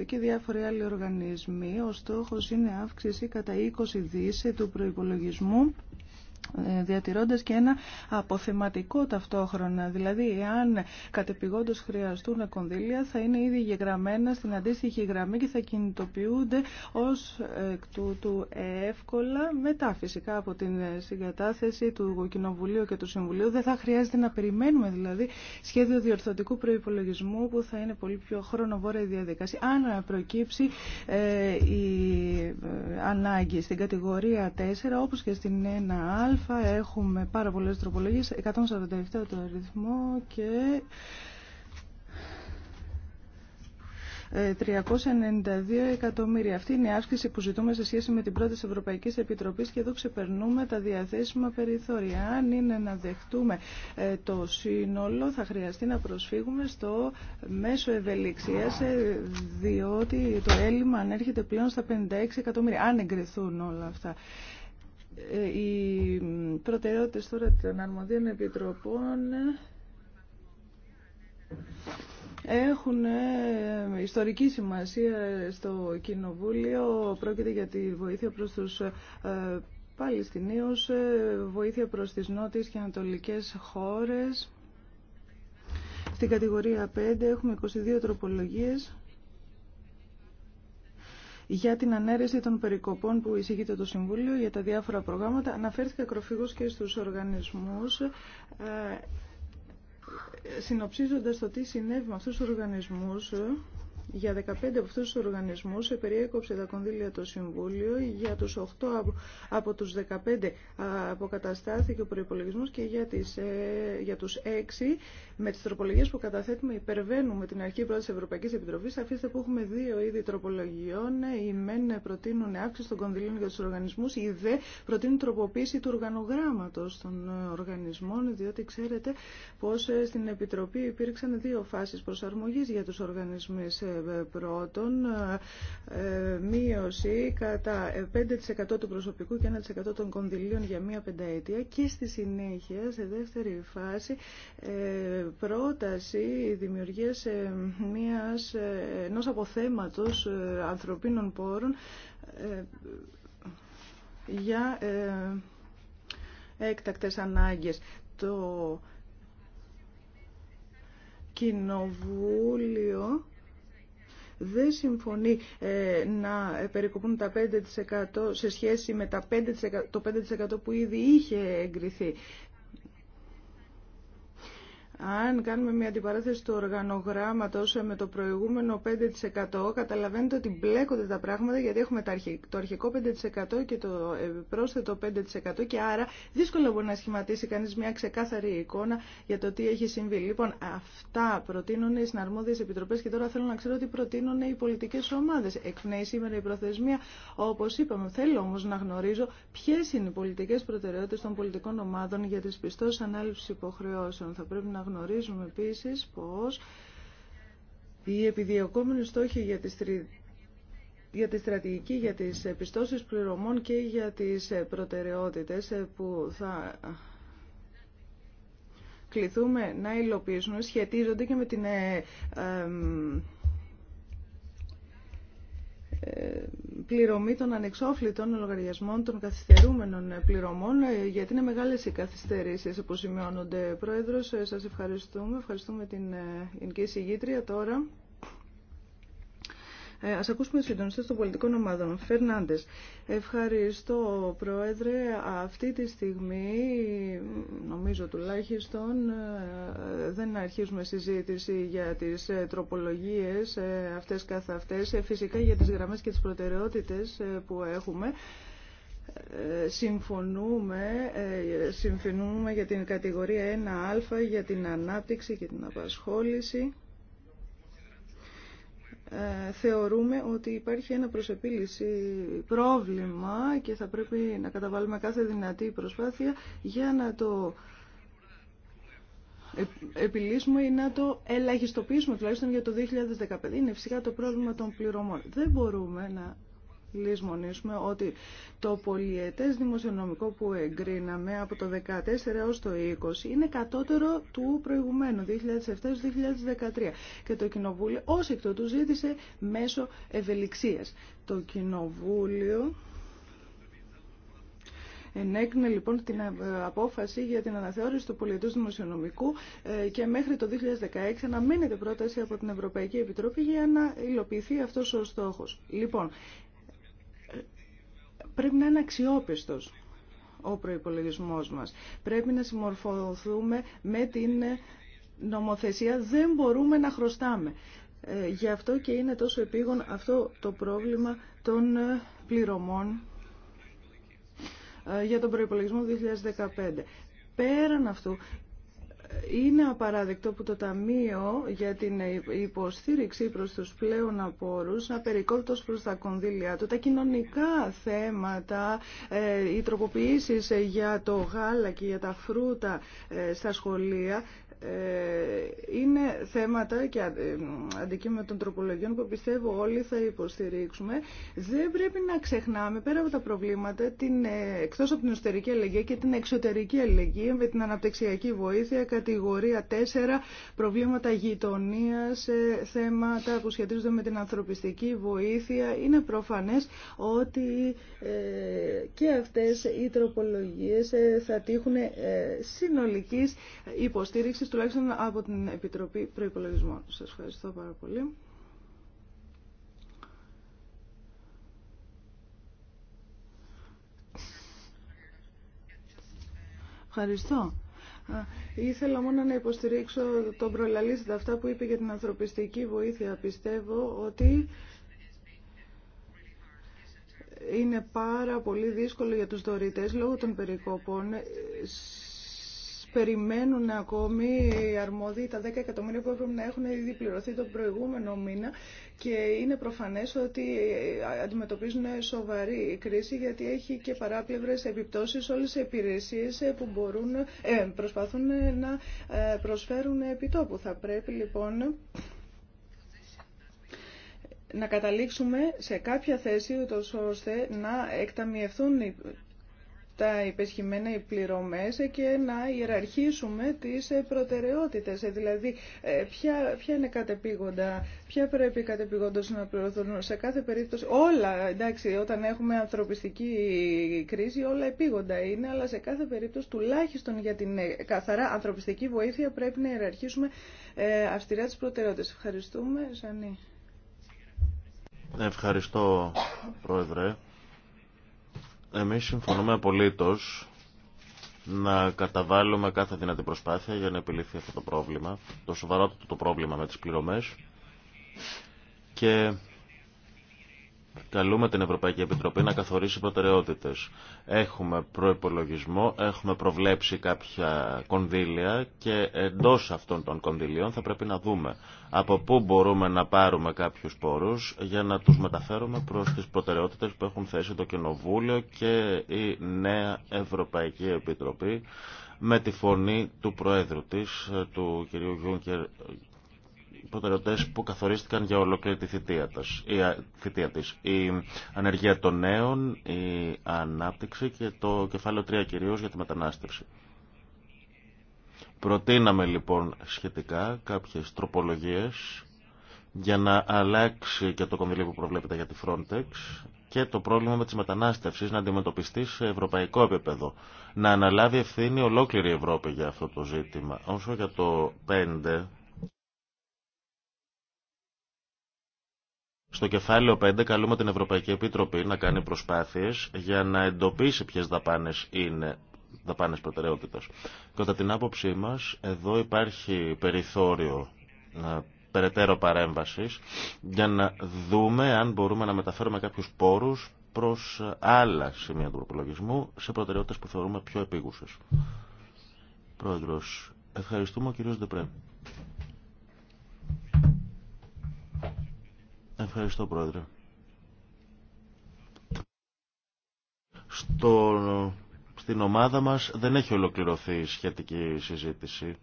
ε, και διάφοροι άλλοι οργανισμοί. Ο στόχος είναι αύξηση κατά 20 δις του προϋπολογισμού ε, διατηρώντας και ένα αποθεματικό ταυτόχρονα. Δηλαδή, αν κατεπηγόντως χρειαστούν κονδύλια, θα είναι ήδη γεγραμμένα στην αντίστοιχη γραμμή και θα κινητοποιούνται ως ε, εκ τούτου εύκολα, μετά φυσικά από την ε, συγκατάθεση του Κοινοβουλίου και του Συμβουλίου. Δεν θα χρειάζεται να περιμένουμε δηλαδή σχέδιο διορθωτικού προϋπολογισμού που θα είναι πολύ πιο χρονοβόρα η διαδικασία. Αν προκύψει ε, η ανάγκη στην κατηγορία 4, όπως και στην 1α, έχουμε πάρα πολλές τροπολογίες, 147 το αριθμό και 392 ε, εκατομμύρια. Αυτή είναι η αύξηση που ζητούμε σε σχέση με την πρώτη ευρωπαϊκή Επιτροπή και εδώ ξεπερνούμε τα διαθέσιμα περιθώρια. Αν είναι να δεχτούμε ε, το σύνολο θα χρειαστεί να προσφύγουμε στο μέσο ευελιξίας ε, διότι το έλλειμμα ανέρχεται πλέον στα 56 εκατομμύρια αν εγκριθούν όλα αυτά. Ε, οι προτεραιότητες τώρα των αρμοδίων επιτροπών ε, έχουν ε, ιστορική σημασία στο Κοινοβούλιο. Πρόκειται για τη βοήθεια προς τους Παλαιστινίους, βοήθεια προς τις νότιες και ανατολικές χώρες. Στην κατηγορία 5 έχουμε 22 τροπολογίες για την ανέρεση των περικοπών που εισηγείται το Συμβούλιο για τα διάφορα προγράμματα. Αναφέρθηκα ακροφυγώς και στους οργανισμούς. Ε, συνοψίζοντας το τι συνέβη με αυτούς τους οργανισμούς, για 15 από αυτούς τους οργανισμούς περιέκοψε τα κονδύλια το Συμβούλιο, για τους 8 από, από τους 15 αποκαταστάθηκε ο προϋπολογισμός και για, τις, ε, για τους 6 με τις τροπολογίες που καταθέτουμε υπερβαίνουμε την αρχή πρώτη Ευρωπαϊκής Επιτροπής. Αφήστε που έχουμε δύο είδη τροπολογιών. Οι μεν προτείνουν αύξηση των κονδυλίων για τους οργανισμούς, οι δε προτείνουν τροποποίηση του οργανογράμματος των οργανισμών, διότι ξέρετε πως ε, στην Επιτροπή υπήρξαν δύο φάσεις προσαρμογής για τους οργανισμούς ε, Πρώτον, ε, μείωση κατά 5% ε, του προσωπικού και 1% των κονδυλίων για μία πενταετία και στη συνέχεια, σε δεύτερη φάση, ε, πρόταση δημιουργίας μιας, ενός αποθέματος ανθρωπίνων πόρων για έκτακτες ανάγκες. Το Κοινοβούλιο δεν συμφωνεί ε, να ε, περικοπούν τα 5% σε σχέση με τα 5%, το 5% που ήδη είχε εγκριθεί. Αν κάνουμε μια αντιπαράθεση του οργανογράμματος με το προηγούμενο 5%, καταλαβαίνετε ότι μπλέκονται τα πράγματα γιατί έχουμε το αρχικό 5% και το ε, πρόσθετο 5% και άρα δύσκολο μπορεί να σχηματίσει κανείς μια ξεκάθαρη εικόνα για το τι έχει συμβεί. Λοιπόν, αυτά προτείνουν οι συναρμόδιες επιτροπές και τώρα θέλω να ξέρω τι προτείνουν οι πολιτικές ομάδες. Εκπνέει σήμερα η προθεσμία, όπως είπαμε. Θέλω όμως να γνωρίζω ποιε είναι οι πολιτικές προτεραιότητες των πολιτικών ομάδων για τις πιστώσεις ανάληψης υποχρεώσεων. Θα πρέπει να Γνωρίζουμε επίσης πως οι επιδιωκόμενοι στόχοι για τις για τη στρατηγική, για τις επιστώσεις πληρωμών και για τις προτεραιότητες ε, που θα κληθούμε να υλοποιήσουμε σχετίζονται και με την ε, ε, ε, πληρωμή των ανεξόφλητων λογαριασμών των καθυστερούμενων ε, πληρωμών, ε, γιατί είναι μεγάλες οι καθυστερήσεις που σημειώνονται. Πρόεδρος, σας ευχαριστούμε. Ευχαριστούμε την Γενική Συγγήτρια τώρα. Ε, ας ακούσουμε συντονιστές των πολιτικών ομάδων. Φερνάντες, ευχαριστώ Πρόεδρε. Αυτή τη στιγμή, νομίζω τουλάχιστον, ε, δεν αρχίζουμε συζήτηση για τις ε, τροπολογίες ε, αυτές καθ' αυτές. Φυσικά για τις γραμμές και τις προτεραιότητες που έχουμε συμφωνούμε, συμφωνούμε για την κατηγορία 1α, για την ανάπτυξη και την απασχόληση. Ε, θεωρούμε ότι υπάρχει ένα προσεπίληση πρόβλημα και θα πρέπει να καταβάλουμε κάθε δυνατή προσπάθεια για να το ε, επιλύσουμε ή να το ελαχιστοποιήσουμε τουλάχιστον για το 2015. Είναι φυσικά το πρόβλημα των πληρωμών. Δεν μπορούμε να λησμονήσουμε ότι το πολιετές δημοσιονομικό που εγκρίναμε από το 2014 έως το 2020 είναι κατώτερο του προηγουμένου 2007-2013 και το Κοινοβούλιο ως εκ τούτου ζήτησε μέσω ευελιξίας. Το Κοινοβούλιο ενέκρινε λοιπόν την απόφαση για την αναθεώρηση του πολιετούς δημοσιονομικού ε, και μέχρι το 2016 αναμένεται πρόταση από την Ευρωπαϊκή Επιτροπή για να υλοποιηθεί αυτός ο στόχος. Λοιπόν, Πρέπει να είναι αξιόπιστος ο προϋπολογισμός μας. Πρέπει να συμμορφωθούμε με την ε, νομοθεσία. Δεν μπορούμε να χρωστάμε. Ε, γι' αυτό και είναι τόσο επίγον αυτό το πρόβλημα των ε, πληρωμών για τον προϋπολογισμό 2015. Πέραν αυτού είναι απαράδεκτο που το Ταμείο για την υποστήριξη προς τους πλέον απόρους να προ προς τα κονδύλια του. Τα κοινωνικά θέματα, ε, οι τροποποιήσεις για το γάλα και για τα φρούτα ε, στα σχολεία ε, είναι θέματα και ε, αντικείμενα των τροπολογιών που πιστεύω όλοι θα υποστηρίξουμε. Δεν πρέπει να ξεχνάμε πέρα από τα προβλήματα, την, ε, εκτός από την εσωτερική αλληλεγγύη και την εξωτερική αλληλεγγύη με την αναπτυξιακή βοήθεια, κατηγορία 4, προβλήματα γειτονία, θέματα που σχετίζονται με την ανθρωπιστική βοήθεια. Είναι προφανές ότι και αυτές οι τροπολογίες θα τύχουν συνολικής υποστήριξης τουλάχιστον από την Επιτροπή Προϋπολογισμών. Σας ευχαριστώ πάρα πολύ. Ευχαριστώ. Ήθελα μόνο να υποστηρίξω τον τα αυτά που είπε για την ανθρωπιστική βοήθεια. Πιστεύω ότι είναι πάρα πολύ δύσκολο για τους δωρητές λόγω των περικοπών περιμένουν ακόμη οι αρμόδιοι τα 10 εκατομμύρια που έπρεπε να έχουν ήδη πληρωθεί τον προηγούμενο μήνα και είναι προφανές ότι ε, αντιμετωπίζουν σοβαρή κρίση γιατί έχει και παράπλευρες επιπτώσεις όλες οι υπηρεσίες ε, που μπορούν, ε, προσπαθούν να προσφέρουν επιτόπου. Θα πρέπει λοιπόν να καταλήξουμε σε κάποια θέση ούτως ώστε να εκταμιευθούν τα υπεσχημένα οι πληρωμές και να ιεραρχήσουμε τις ε, προτεραιότητες. Ε, δηλαδή, ε, ποια, ποια είναι κατεπήγοντα, ποια πρέπει κατεπήγοντας να πληρωθούν. Σε κάθε περίπτωση, όλα, εντάξει, όταν έχουμε ανθρωπιστική κρίση, όλα επίγοντα είναι, αλλά σε κάθε περίπτωση, τουλάχιστον για την καθαρά ανθρωπιστική βοήθεια, πρέπει να ιεραρχήσουμε αυστηρά τις προτεραιότητες. Ευχαριστούμε, Σανή. Ευχαριστώ, Πρόεδρε. Εμείς συμφωνούμε απολύτως να καταβάλουμε κάθε δυνατή προσπάθεια για να επιληθεί αυτό το πρόβλημα, το σοβαρότερο το πρόβλημα με τις πληρωμές και Καλούμε την Ευρωπαϊκή Επιτροπή να καθορίσει προτεραιότητες. Έχουμε προϋπολογισμό, έχουμε προβλέψει κάποια κονδύλια και εντός αυτών των κονδυλίων θα πρέπει να δούμε από πού μπορούμε να πάρουμε κάποιους πόρους για να τους μεταφέρουμε προς τις προτεραιότητες που έχουν θέσει το Κοινοβούλιο και η νέα Ευρωπαϊκή Επιτροπή με τη φωνή του Προέδρου της, του κ. Γιούνκερ προτεραιότητες που καθορίστηκαν για ολοκληρή τη θητεία της. Η ανεργία των νέων, η ανάπτυξη και το κεφάλαιο 3 κυρίως για τη μετανάστευση. Προτείναμε λοιπόν σχετικά κάποιες τροπολογίες για να αλλάξει και το κονδυλί που προβλέπεται για τη Frontex και το πρόβλημα με τις μετανάστευσεις να αντιμετωπιστεί σε ευρωπαϊκό επίπεδο. Να αναλάβει ευθύνη ολόκληρη η Ευρώπη για αυτό το ζήτημα. Όσο για το 5 Στο κεφάλαιο 5 καλούμε την Ευρωπαϊκή Επιτροπή να κάνει προσπάθειες για να εντοπίσει ποιες δαπάνες είναι δαπάνες προτεραιότητας. Κατά την άποψή μας, εδώ υπάρχει περιθώριο ε, περαιτέρω παρέμβασης για να δούμε αν μπορούμε να μεταφέρουμε κάποιους πόρους προς ε, άλλα σημεία του προπολογισμού σε προτεραιότητες που θεωρούμε πιο επίγουσες. Πρόεδρος, ευχαριστούμε ο κύριος Δεπρέ. Ευχαριστώ, Πρόεδρε. Στο, στην ομάδα μας δεν έχει ολοκληρωθεί σχετική συζήτηση.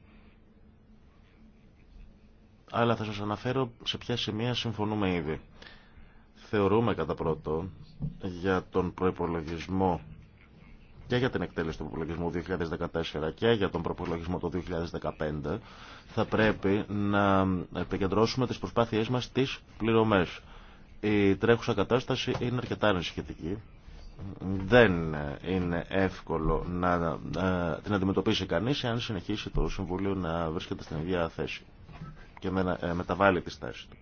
Αλλά θα σας αναφέρω σε ποια σημεία συμφωνούμε ήδη. Θεωρούμε κατά πρώτο για τον προϋπολογισμό και για την εκτέλεση του προπολογισμού 2014 και για τον προπολογισμό το 2015 θα πρέπει να επικεντρώσουμε τις προσπάθειές μας στις πληρωμές. Η τρέχουσα κατάσταση είναι αρκετά ανησυχητική. Δεν είναι εύκολο να ε, την αντιμετωπίσει κανείς αν συνεχίσει το Συμβουλίο να βρίσκεται στην ίδια θέση και να ε, μεταβάλει τη στάση του.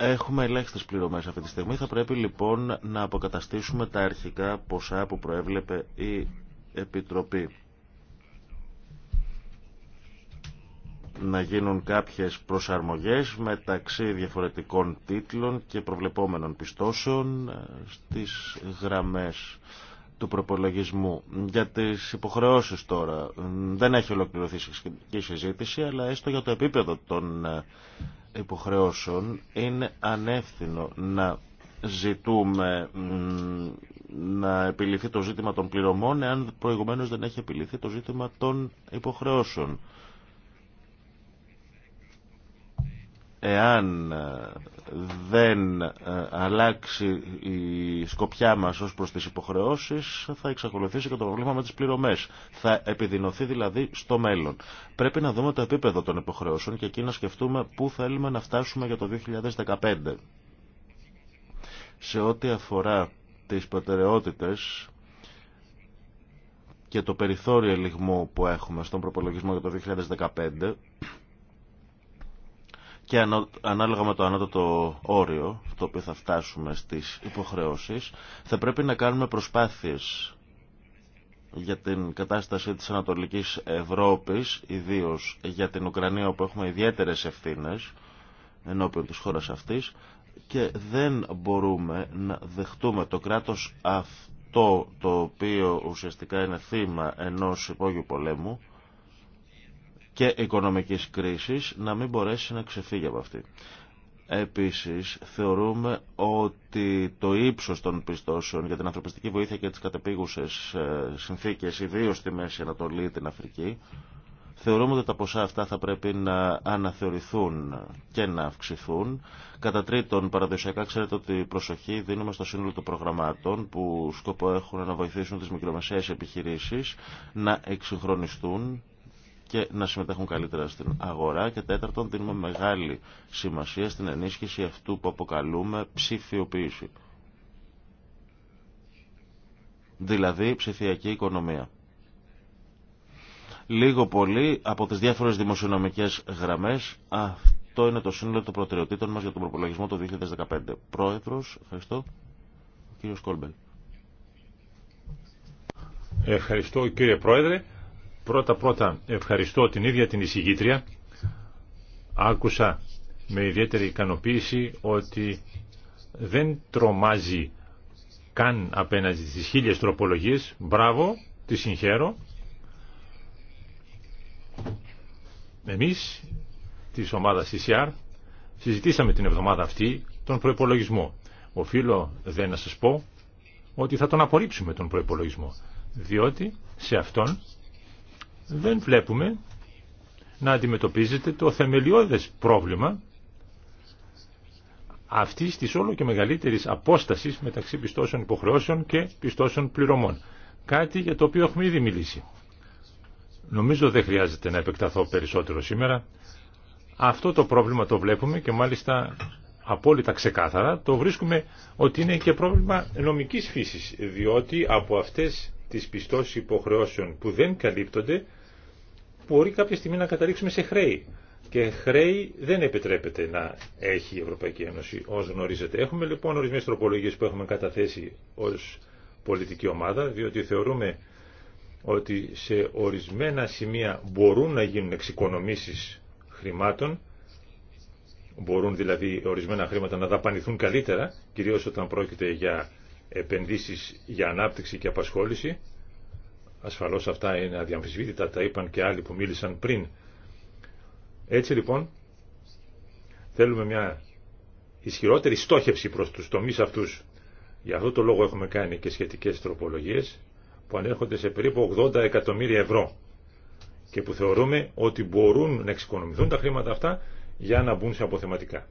Έχουμε ελάχιστε πληρωμές αυτή τη στιγμή. Θα πρέπει λοιπόν να αποκαταστήσουμε τα αρχικά ποσά που προέβλεπε η Επιτροπή. να γίνουν κάποιες προσαρμογές μεταξύ διαφορετικών τίτλων και προβλεπόμενων πιστώσεων ε, στις γραμμές του προπολογισμού. Για τις υποχρεώσεις τώρα δεν έχει ολοκληρωθεί η συζήτηση, αλλά έστω για το επίπεδο των ε, υποχρεώσεων είναι ανεύθυνο να ζητούμε να επιληθεί το ζήτημα των πληρωμών εάν προηγουμένως δεν έχει επιληθεί το ζήτημα των υποχρεώσεων. Εάν δεν ε, αλλάξει η σκοπιά μας ως προς τις υποχρεώσεις θα εξακολουθήσει και το πρόβλημα με τις πληρωμές. Θα επιδεινωθεί δηλαδή στο μέλλον. Πρέπει να δούμε το επίπεδο των υποχρεώσεων και εκεί να σκεφτούμε πού θέλουμε να φτάσουμε για το 2015. Σε ό,τι αφορά τις προτεραιότητε και το περιθώριο ελιγμού που έχουμε στον προπολογισμό για το 2015 και ανάλογα με το ανώτατο όριο, το οποίο θα φτάσουμε στις υποχρεώσεις, θα πρέπει να κάνουμε προσπάθειες για την κατάσταση της Ανατολικής Ευρώπης, ιδίως για την Ουκρανία όπου έχουμε ιδιαίτερες ευθύνες ενώπιον της χώρας αυτής και δεν μπορούμε να δεχτούμε το κράτος αυτό το οποίο ουσιαστικά είναι θύμα ενός υπόγειου πολέμου και οικονομικής κρίσης να μην μπορέσει να ξεφύγει από αυτή. Επίσης, θεωρούμε ότι το ύψος των πιστώσεων για την ανθρωπιστική βοήθεια και τις κατεπήγουσες ε, συνθήκες, ιδίως στη Μέση Ανατολή την Αφρική, θεωρούμε ότι τα ποσά αυτά θα πρέπει να αναθεωρηθούν και να αυξηθούν. Κατά τρίτον, παραδοσιακά ξέρετε ότι προσοχή δίνουμε στο σύνολο των προγραμμάτων που σκοπό έχουν να βοηθήσουν τις μικρομεσαίες επιχειρήσεις να εξυγχρονιστούν και να συμμετέχουν καλύτερα στην αγορά και τέταρτον δίνουμε μεγάλη σημασία στην ενίσχυση αυτού που αποκαλούμε ψηφιοποίηση. Δηλαδή ψηφιακή οικονομία. Λίγο πολύ από τις διάφορες δημοσιονομικές γραμμές αυτό είναι το σύνολο των προτεραιοτήτων μας για τον προπολογισμό το 2015. Πρόεδρος, ευχαριστώ, ο κύριος Κόλμπελ. Ευχαριστώ κύριε Πρόεδρε. Πρώτα-πρώτα ευχαριστώ την ίδια την εισηγήτρια. Άκουσα με ιδιαίτερη ικανοποίηση ότι δεν τρομάζει καν απέναντι στις χίλιες τροπολογίες. Μπράβο, τη συγχαίρω. Εμείς της ομάδα CCR συζητήσαμε την εβδομάδα αυτή τον προϋπολογισμό. Οφείλω δεν να σας πω ότι θα τον απορρίψουμε τον προϋπολογισμό, διότι σε αυτόν δεν βλέπουμε να αντιμετωπίζεται το θεμελιώδες πρόβλημα αυτή τη όλο και μεγαλύτερη απόσταση μεταξύ πιστώσεων υποχρεώσεων και πιστώσεων πληρωμών. Κάτι για το οποίο έχουμε ήδη μιλήσει. Νομίζω δεν χρειάζεται να επεκταθώ περισσότερο σήμερα. Αυτό το πρόβλημα το βλέπουμε και μάλιστα απόλυτα ξεκάθαρα το βρίσκουμε ότι είναι και πρόβλημα νομικής φύσης διότι από αυτές τις πιστώσεις υποχρεώσεων που δεν καλύπτονται μπορεί κάποια στιγμή να καταλήξουμε σε χρέη. Και χρέη δεν επιτρέπεται να έχει η Ευρωπαϊκή Ένωση, όσο γνωρίζετε. Έχουμε λοιπόν ορισμένες τροπολογίες που έχουμε καταθέσει ως πολιτική ομάδα, διότι θεωρούμε ότι σε ορισμένα σημεία μπορούν να γίνουν εξοικονομήσεις χρημάτων, μπορούν δηλαδή ορισμένα χρήματα να δαπανηθούν καλύτερα, κυρίως όταν πρόκειται για επενδύσεις για ανάπτυξη και απασχόληση Ασφαλώς αυτά είναι αδιαμφισβήτητα, τα είπαν και άλλοι που μίλησαν πριν. Έτσι λοιπόν, θέλουμε μια ισχυρότερη στόχευση προς τους τομείς αυτούς. Για αυτό το λόγο έχουμε κάνει και σχετικές τροπολογίες που ανέρχονται σε περίπου 80 εκατομμύρια ευρώ και που θεωρούμε ότι μπορούν να εξοικονομηθούν τα χρήματα αυτά για να μπουν σε αποθεματικά.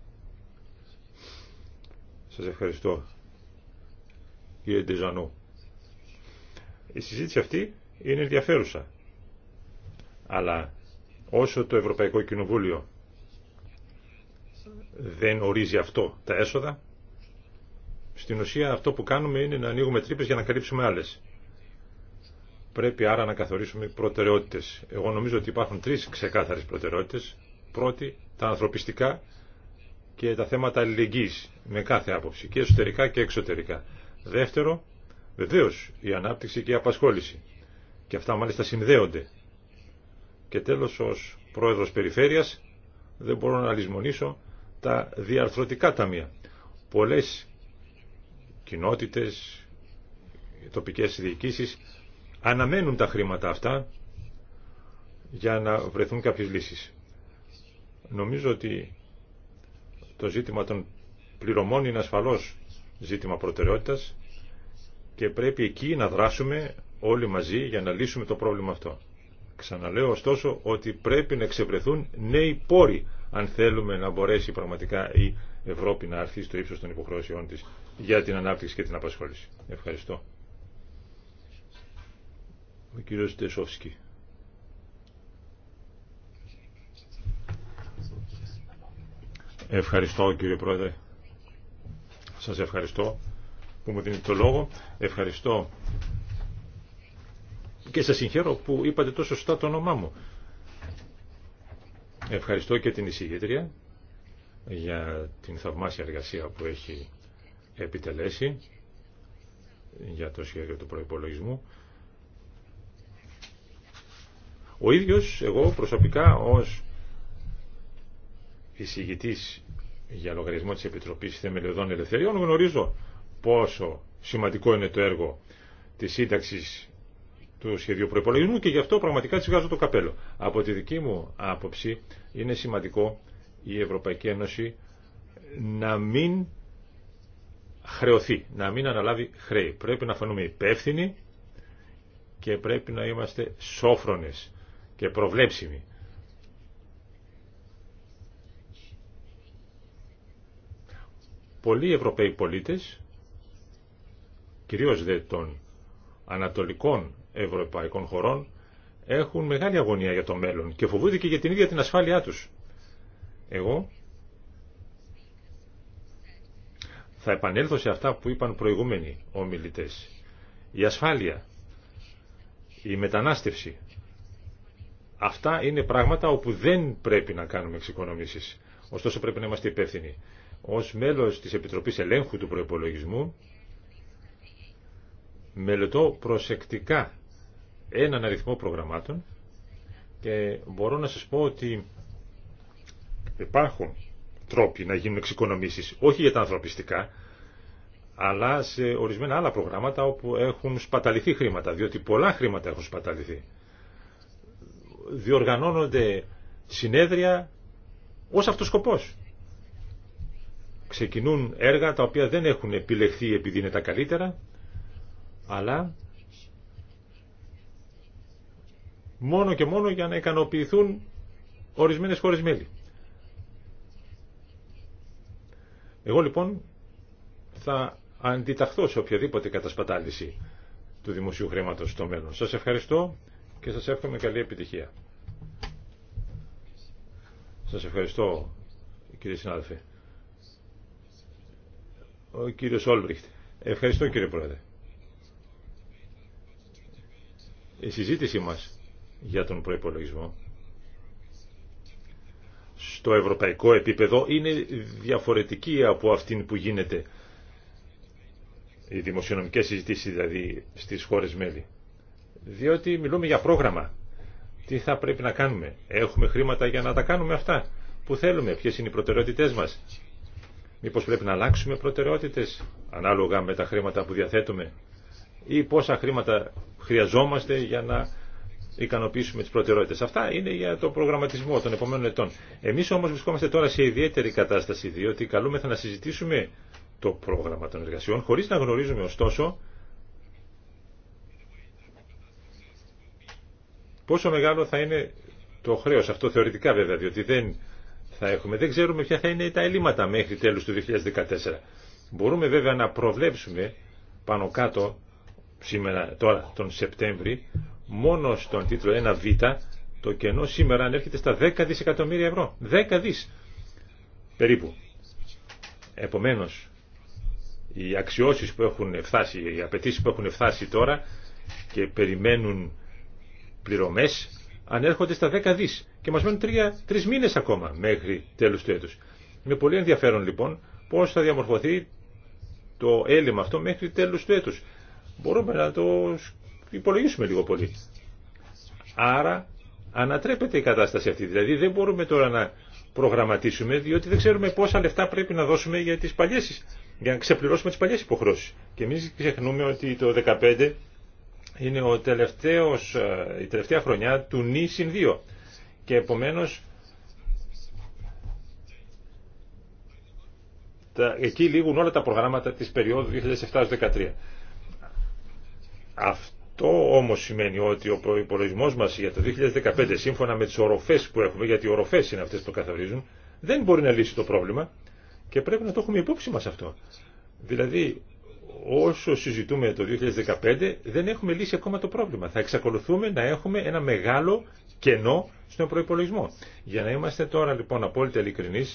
Σας ευχαριστώ. Κύριε Ντεζανού. Η συζήτηση αυτή είναι ενδιαφέρουσα. Αλλά όσο το Ευρωπαϊκό Κοινοβούλιο δεν ορίζει αυτό τα έσοδα, στην ουσία αυτό που κάνουμε είναι να ανοίγουμε τρύπες για να καλύψουμε άλλες. Πρέπει άρα να καθορίσουμε προτεραιότητες. Εγώ νομίζω ότι υπάρχουν τρεις ξεκάθαρες προτεραιότητες. Πρώτη, τα ανθρωπιστικά και τα θέματα αλληλεγγύης με κάθε άποψη, και εσωτερικά και εξωτερικά. Δεύτερο, Βεβαίως η ανάπτυξη και η απασχόληση. Και αυτά μάλιστα συνδέονται. Και τέλος ως πρόεδρος περιφέρειας δεν μπορώ να λησμονήσω τα διαρθρωτικά ταμεία. Πολλές κοινότητες, τοπικές διοικήσεις αναμένουν τα χρήματα αυτά για να βρεθούν κάποιες λύσεις. Νομίζω ότι το ζήτημα των πληρωμών είναι ασφαλώς ζήτημα προτεραιότητας και πρέπει εκεί να δράσουμε όλοι μαζί για να λύσουμε το πρόβλημα αυτό. Ξαναλέω ωστόσο ότι πρέπει να εξευρεθούν νέοι πόροι αν θέλουμε να μπορέσει πραγματικά η Ευρώπη να έρθει στο ύψος των υποχρεώσεών της για την ανάπτυξη και την απασχόληση. Ευχαριστώ. Ο κύριος Τεσόφσκι. Ευχαριστώ κύριε Πρόεδρε. Σας ευχαριστώ που μου δίνει το λόγο. Ευχαριστώ και σας συγχαίρω που είπατε τόσο σωστά το όνομά μου. Ευχαριστώ και την εισηγήτρια για την θαυμάσια εργασία που έχει επιτελέσει για το σχέδιο του προϋπολογισμού. Ο ίδιος εγώ προσωπικά ως εισηγητής για λογαριασμό της Επιτροπής Θεμελιωδών Ελευθεριών γνωρίζω πόσο σημαντικό είναι το έργο της σύνταξης του σχεδίου προπολογισμού και γι' αυτό πραγματικά της βγάζω το καπέλο. Από τη δική μου άποψη είναι σημαντικό η Ευρωπαϊκή Ένωση να μην χρεωθεί, να μην αναλάβει χρέη. Πρέπει να φανούμε υπεύθυνοι και πρέπει να είμαστε σόφρονες και προβλέψιμοι. Πολλοί Ευρωπαίοι πολίτες κυρίως δε των ανατολικών ευρωπαϊκών χωρών, έχουν μεγάλη αγωνία για το μέλλον και φοβούνται και για την ίδια την ασφάλειά τους. Εγώ θα επανέλθω σε αυτά που είπαν προηγούμενοι ομιλητές. Η ασφάλεια, η μετανάστευση, αυτά είναι πράγματα όπου δεν πρέπει να κάνουμε εξοικονομήσεις. Ωστόσο πρέπει να είμαστε υπεύθυνοι. Ως μέλος της Επιτροπής Ελέγχου του Προϋπολογισμού μελετώ προσεκτικά έναν αριθμό προγραμμάτων και μπορώ να σας πω ότι υπάρχουν τρόποι να γίνουν εξοικονομήσεις, όχι για τα ανθρωπιστικά, αλλά σε ορισμένα άλλα προγράμματα όπου έχουν σπαταληθεί χρήματα, διότι πολλά χρήματα έχουν σπαταληθεί. Διοργανώνονται συνέδρια ως αυτός σκοπός. Ξεκινούν έργα τα οποία δεν έχουν επιλεχθεί επειδή είναι τα καλύτερα αλλά μόνο και μόνο για να ικανοποιηθούν ορισμένες χώρες μέλη. Εγώ λοιπόν θα αντιταχθώ σε οποιαδήποτε κατασπατάληση του δημοσίου χρήματος στο μέλλον. Σας ευχαριστώ και σας εύχομαι καλή επιτυχία. Σας ευχαριστώ κύριε συνάδελφε. Ο κύριος Όλμπριχτ. Ευχαριστώ κύριε Πρόεδρε. η συζήτησή μας για τον προϋπολογισμό στο ευρωπαϊκό επίπεδο είναι διαφορετική από αυτήν που γίνεται οι δημοσιονομικές συζητήσεις δηλαδή στις χώρες μέλη. Διότι μιλούμε για πρόγραμμα. Τι θα πρέπει να κάνουμε. Έχουμε χρήματα για να τα κάνουμε αυτά που θέλουμε. Ποιες είναι οι προτεραιότητές μας. Μήπως πρέπει να αλλάξουμε προτεραιότητες ανάλογα με τα χρήματα που διαθέτουμε ή πόσα χρήματα χρειαζόμαστε για να ικανοποιήσουμε τις προτεραιότητες. Αυτά είναι για το προγραμματισμό των επόμενων ετών. Εμείς όμως βρισκόμαστε τώρα σε ιδιαίτερη κατάσταση, διότι καλούμεθα να συζητήσουμε το πρόγραμμα των εργασιών, χωρίς να γνωρίζουμε ωστόσο πόσο μεγάλο θα είναι το χρέος. Αυτό θεωρητικά βέβαια, διότι δεν θα έχουμε. Δεν ξέρουμε ποια θα είναι τα ελλείμματα μέχρι τέλους του 2014. Μπορούμε βέβαια να προβλέψουμε πάνω κάτω σήμερα, τώρα τον Σεπτέμβρη, μόνο στον τίτλο 1β το κενό σήμερα ανέρχεται στα 10 δισεκατομμύρια ευρώ. 10 δις περίπου. Επομένως, οι αξιώσεις που έχουν φτάσει, οι απαιτήσει που έχουν φτάσει τώρα και περιμένουν πληρωμές ανέρχονται στα 10 δις και μας μένουν 3, 3 μήνες ακόμα μέχρι τέλους του έτους. Με πολύ ενδιαφέρον λοιπόν πώς θα διαμορφωθεί το έλλειμμα αυτό μέχρι τέλους του έτους μπορούμε να το υπολογίσουμε λίγο πολύ. Άρα ανατρέπεται η κατάσταση αυτή. Δηλαδή δεν μπορούμε τώρα να προγραμματίσουμε διότι δεν ξέρουμε πόσα λεφτά πρέπει να δώσουμε για τις παλιές, για να ξεπληρώσουμε τις παλιές υποχρώσεις. Και εμείς ξεχνούμε ότι το 2015 είναι ο τελευταίος, ε, η τελευταία χρονιά του νη συν 2. Και επομένως εκεί λήγουν όλα τα προγράμματα της περίοδου 2007-2013. Αυτό όμως σημαίνει ότι ο προπολογισμό μας για το 2015 σύμφωνα με τις οροφές που έχουμε, γιατί οι οροφές είναι αυτέ που το καθορίζουν, δεν μπορεί να λύσει το πρόβλημα και πρέπει να το έχουμε υπόψη μα αυτό. Δηλαδή όσο συζητούμε το 2015 δεν έχουμε λύσει ακόμα το πρόβλημα. Θα εξακολουθούμε να έχουμε ένα μεγάλο κενό στον προπολογισμό. Για να είμαστε τώρα λοιπόν απόλυτα ειλικρινεί,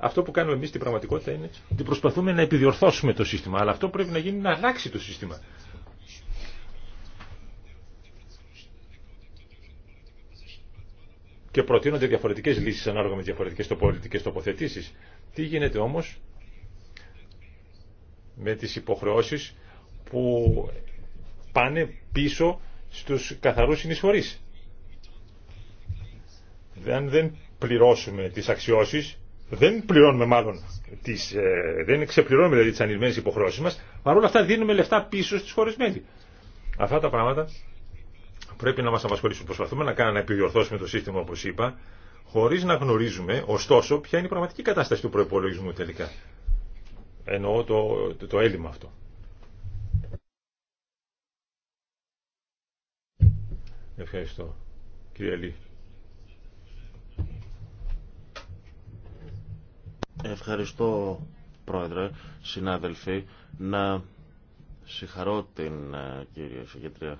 αυτό που κάνουμε εμεί στην πραγματικότητα είναι ότι προσπαθούμε να επιδιορθώσουμε το σύστημα, αλλά αυτό πρέπει να γίνει να αλλάξει το σύστημα. Και προτείνονται διαφορετικέ λύσει ανάλογα με διαφορετικές πολιτικές τοποθετήσει. Τι γίνεται όμω με τι υποχρεώσει που πάνε πίσω στους καθαρούς συνεισφορείς. δεν πληρώσουμε τις αξιώσεις, δεν πληρώνουμε μάλλον τις, ε, δεν ξεπληρώνουμε δηλαδή τις ανηλμένες υποχρώσεις μας, παρόλα αυτά δίνουμε λεφτά πίσω στις χώρες μέλη. Αυτά τα πράγματα πρέπει να μας απασχολήσουν. Προσπαθούμε να κάνουμε να επιδιορθώσουμε το σύστημα όπως είπα, χωρίς να γνωρίζουμε ωστόσο ποια είναι η πραγματική κατάσταση του προπολογισμού τελικά. Εννοώ το, το, έλλειμμα αυτό. Ευχαριστώ. Κύριε Ευχαριστώ, Πρόεδρε, συνάδελφοι, να συγχαρώ την ε, κύριε Συγγετρία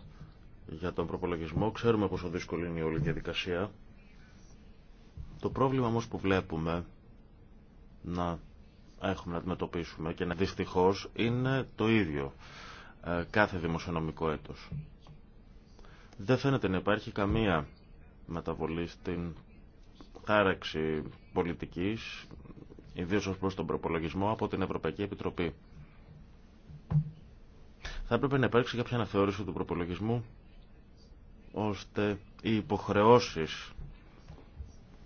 για τον προπολογισμό. Ξέρουμε πόσο δύσκολη είναι η όλη διαδικασία. Το πρόβλημα όμως που βλέπουμε να έχουμε να αντιμετωπίσουμε και να δυστυχώς είναι το ίδιο ε, κάθε δημοσιονομικό έτος. Δεν φαίνεται να υπάρχει καμία μεταβολή στην χάραξη πολιτικής Ιδίω ω προς τον προπολογισμό, από την Ευρωπαϊκή Επιτροπή. Θα έπρεπε να υπάρξει κάποια αναθεώρηση του προπολογισμού, ώστε οι υποχρεώσεις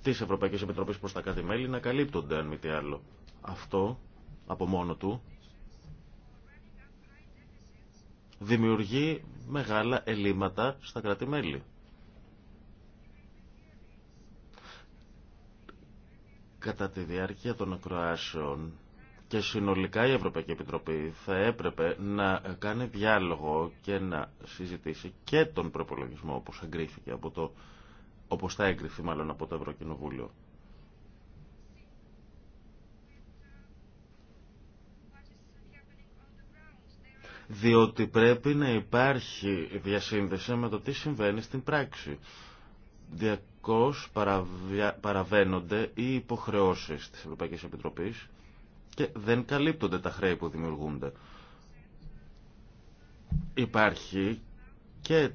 της Ευρωπαϊκής Επιτροπής προ τα κάθε μέλη να καλύπτονται, αν μη τι άλλο. Αυτό, από μόνο του, δημιουργεί μεγάλα ελλείμματα στα κράτη-μέλη. Κατά τη διάρκεια των ακροάσεων και συνολικά η Ευρωπαϊκή Επιτροπή θα έπρεπε να κάνει διάλογο και να συζητήσει και τον προπολογισμό όπως εγκρίθηκε από το όπως θα εγκριθεί μάλλον από το Ευρωκοινοβούλιο. διότι πρέπει να υπάρχει διασύνδεση με το τι συμβαίνει στην πράξη διαρκώς παραβια... παραβαίνονται οι υποχρεώσεις της Ευρωπαϊκής Επιτροπής και δεν καλύπτονται τα χρέη που δημιουργούνται. Υπάρχει και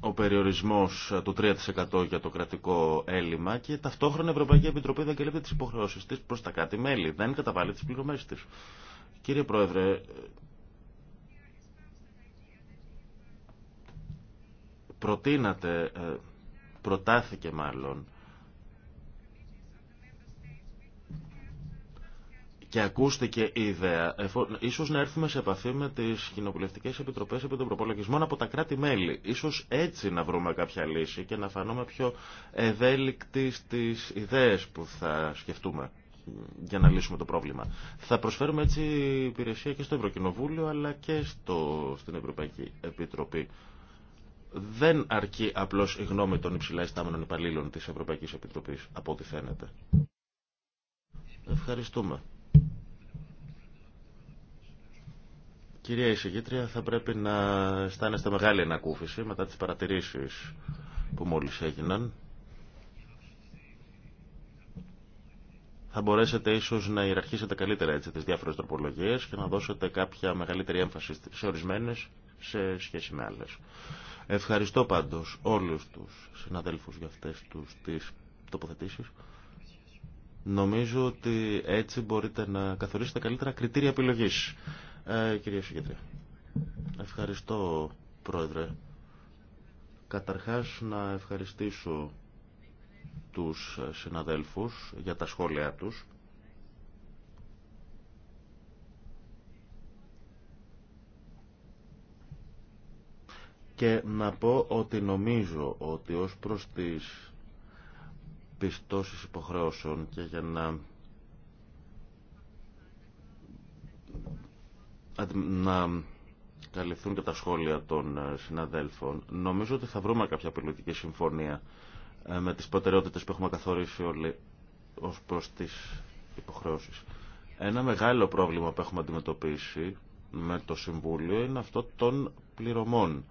ο περιορισμός του 3% για το κρατικό έλλειμμα και ταυτόχρονα η Ευρωπαϊκή Επιτροπή δεν καλύπτει τις υποχρεώσεις της προς τα κάτι μέλη, δεν καταβάλει τις πληρωμές της. Κύριε Πρόεδρε, προτείνατε ε, προτάθηκε μάλλον και ακούστηκε η ιδέα, ίσως να έρθουμε σε επαφή με τις κοινοβουλευτικές επιτροπές επί των προπολογισμών από τα κράτη-μέλη. Ίσως έτσι να βρούμε κάποια λύση και να φανούμε πιο ευέλικτοι στις ιδέες που θα σκεφτούμε για να λύσουμε το πρόβλημα. Θα προσφέρουμε έτσι υπηρεσία και στο Ευρωκοινοβούλιο αλλά και στο, στην Ευρωπαϊκή Επιτροπή δεν αρκεί απλώς η γνώμη των υψηλά ιστάμενων υπαλλήλων της Ευρωπαϊκής Επιτροπής, από ό,τι φαίνεται. Ευχαριστούμε. Κυρία Εισηγήτρια, θα πρέπει να αισθάνεστε μεγάλη ανακούφιση μετά τις παρατηρήσεις που μόλις έγιναν. Θα μπορέσετε ίσως να ιεραρχήσετε καλύτερα έτσι τις διάφορες τροπολογίες και να δώσετε κάποια μεγαλύτερη έμφαση σε ορισμένες σε σχέση με άλλες. Ευχαριστώ πάντως όλους τους συναδέλφους για αυτές τους, τις τοποθετήσεις. Νομίζω ότι έτσι μπορείτε να καθορίσετε καλύτερα κριτήρια επιλογής. Ε, κυρία Συγκέντρια, ευχαριστώ Πρόεδρε. Καταρχάς να ευχαριστήσω τους συναδέλφους για τα σχόλιά τους. Και να πω ότι νομίζω ότι ως προς τις πιστώσεις υποχρεώσεων και για να να καλυφθούν και τα σχόλια των ε, συναδέλφων, νομίζω ότι θα βρούμε κάποια πολιτική συμφωνία ε, με τις προτεραιότητες που έχουμε καθορίσει όλοι ως προς τις υποχρεώσεις. Ένα μεγάλο πρόβλημα που έχουμε αντιμετωπίσει με το Συμβούλιο είναι αυτό των πληρωμών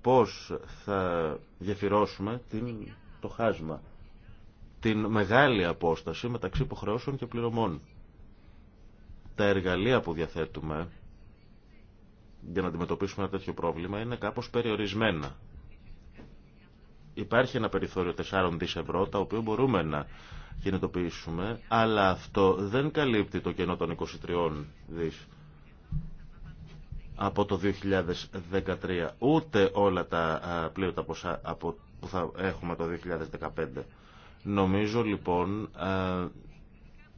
πώς θα γεφυρώσουμε την, το χάσμα, την μεγάλη απόσταση μεταξύ υποχρεώσεων και πληρωμών. Τα εργαλεία που διαθέτουμε για να αντιμετωπίσουμε ένα τέτοιο πρόβλημα είναι κάπως περιορισμένα. Υπάρχει ένα περιθώριο 4 δις ευρώ, τα οποία μπορούμε να κινητοποιήσουμε, αλλά αυτό δεν καλύπτει το κενό των 23 δις από το 2013, ούτε όλα τα πλήρωτα από που θα έχουμε το 2015. Νομίζω λοιπόν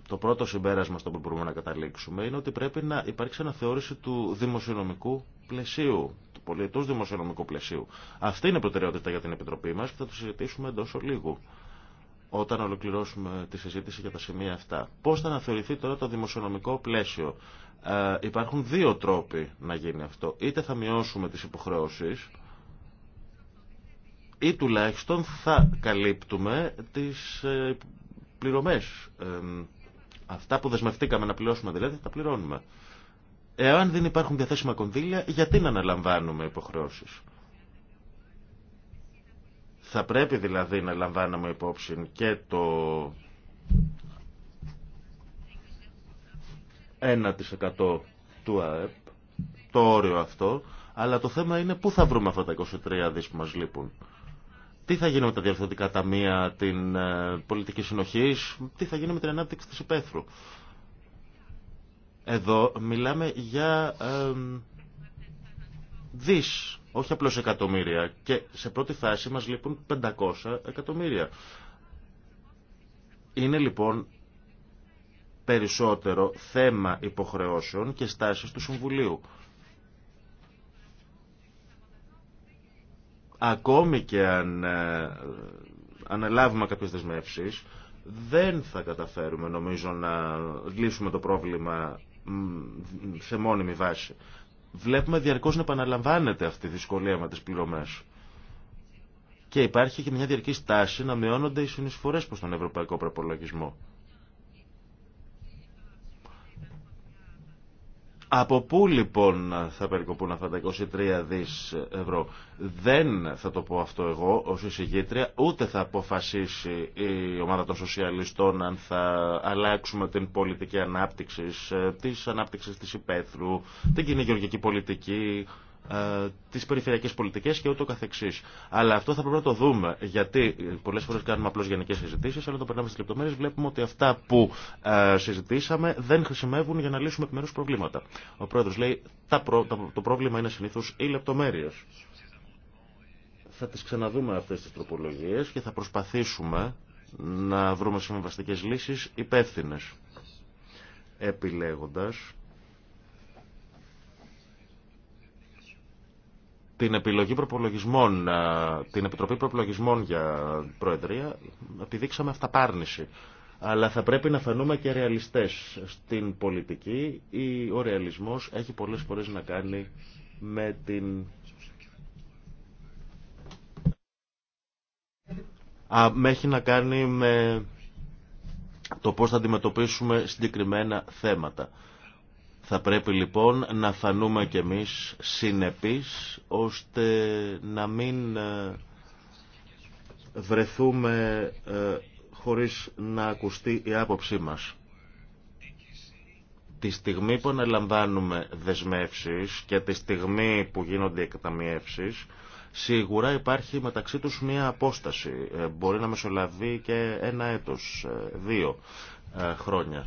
το πρώτο συμπέρασμα στο που μπορούμε να καταλήξουμε είναι ότι πρέπει να υπάρξει αναθεώρηση του δημοσιονομικού πλαισίου, του πολιτού δημοσιονομικού πλαισίου. Αυτή είναι η προτεραιότητα για την Επιτροπή μας και θα το συζητήσουμε εντός ολίγου όταν ολοκληρώσουμε τη συζήτηση για τα σημεία αυτά. Πώς θα αναθεωρηθεί τώρα το δημοσιονομικό πλαίσιο. Ε, υπάρχουν δύο τρόποι να γίνει αυτό. Είτε θα μειώσουμε τις υποχρεώσεις ή τουλάχιστον θα καλύπτουμε τις ε, πληρωμές. Ε, αυτά που δεσμευτήκαμε να πληρώσουμε δηλαδή θα τα πληρώνουμε. Εάν δεν υπάρχουν διαθέσιμα κονδύλια, γιατί να αναλαμβάνουμε υποχρεώσεις. Θα πρέπει δηλαδή να λαμβάνουμε υπόψη και το 1% του ΑΕΠ, το όριο αυτό, αλλά το θέμα είναι πού θα βρούμε αυτά τα 23 δις που μας λείπουν. Τι θα γίνει με τα διαρθωτικά ταμεία, την ε, πολιτική συνοχή, τι θα γίνει με την ανάπτυξη της υπαίθρου. Εδώ μιλάμε για ε, δις όχι απλώς εκατομμύρια. Και σε πρώτη φάση μας λείπουν 500 εκατομμύρια. Είναι λοιπόν περισσότερο θέμα υποχρεώσεων και στάσεις του Συμβουλίου. Ακόμη και αν ε, αναλάβουμε κάποιες δεσμεύσεις, δεν θα καταφέρουμε νομίζω να λύσουμε το πρόβλημα σε μόνιμη βάση. Βλέπουμε διαρκώς να επαναλαμβάνεται αυτή η δυσκολία με τις πληρωμές. Και υπάρχει και μια διαρκή στάση να μειώνονται οι συνεισφορές προς τον ευρωπαϊκό προπολογισμό. Από πού λοιπόν θα περικοπούν αυτά τα 23 δις ευρώ. Δεν θα το πω αυτό εγώ ως εισηγήτρια, ούτε θα αποφασίσει η ομάδα των σοσιαλιστών αν θα αλλάξουμε την πολιτική ανάπτυξη, ε, της ανάπτυξης της υπαίθρου, την κοινή γεωργική πολιτική, ε, τις περιφερειακές πολιτικές και ούτω καθεξής. Αλλά αυτό θα πρέπει να το δούμε, γιατί πολλές φορές κάνουμε απλώς γενικές συζητήσεις, αλλά το περνάμε στις λεπτομέρειες, βλέπουμε ότι αυτά που ε, συζητήσαμε δεν χρησιμεύουν για να λύσουμε επιμέρους προβλήματα. Ο πρόεδρος λέει, το πρόβλημα είναι συνήθως οι λεπτομέρειες. Θα τις ξαναδούμε αυτές τις τροπολογίες και θα προσπαθήσουμε να βρούμε συμβαστικές λύσεις υπεύθυνε επιλέγοντας την επιλογή προπολογισμών, την Επιτροπή Προπολογισμών για Προεδρία, δείξαμε αυταπάρνηση. Αλλά θα πρέπει να φανούμε και ρεαλιστές. Στην πολιτική ο ρεαλισμός έχει πολλές φορές να κάνει με την Α, έχει να κάνει με το πώς θα αντιμετωπίσουμε συγκεκριμένα θέματα. Θα πρέπει λοιπόν να φανούμε κι εμείς συνεπείς ώστε να μην ε, βρεθούμε ε, χωρίς να ακουστεί η άποψή μας. Τη στιγμή που αναλαμβάνουμε δεσμεύσεις και τη στιγμή που γίνονται εκταμιεύσεις, σίγουρα υπάρχει μεταξύ τους μία απόσταση. Ε, μπορεί να μεσολαβεί και ένα έτος, δύο χρόνια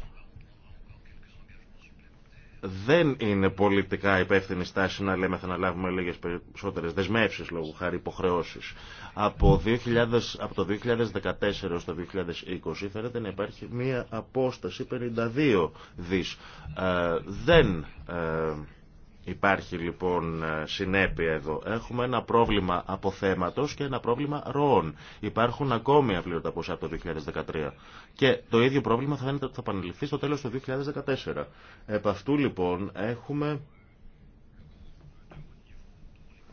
δεν είναι πολιτικά υπεύθυνη στάση να λέμε θα αναλάβουμε λίγες περισσότερες δεσμεύσεις λόγω χάρη υποχρεώσεις. Από, 2000, από το 2014 έως το 2020 φαίνεται να υπάρχει μία απόσταση 52 δις. Ε, δεν... Ε, Υπάρχει λοιπόν ε, συνέπεια εδώ. Έχουμε ένα πρόβλημα αποθέματος και ένα πρόβλημα ροών. Υπάρχουν ακόμη αυλήρωτα ποσά από το 2013. Και το ίδιο πρόβλημα θα είναι ότι θα επανεληφθεί στο τέλος του 2014. Επ' αυτού λοιπόν έχουμε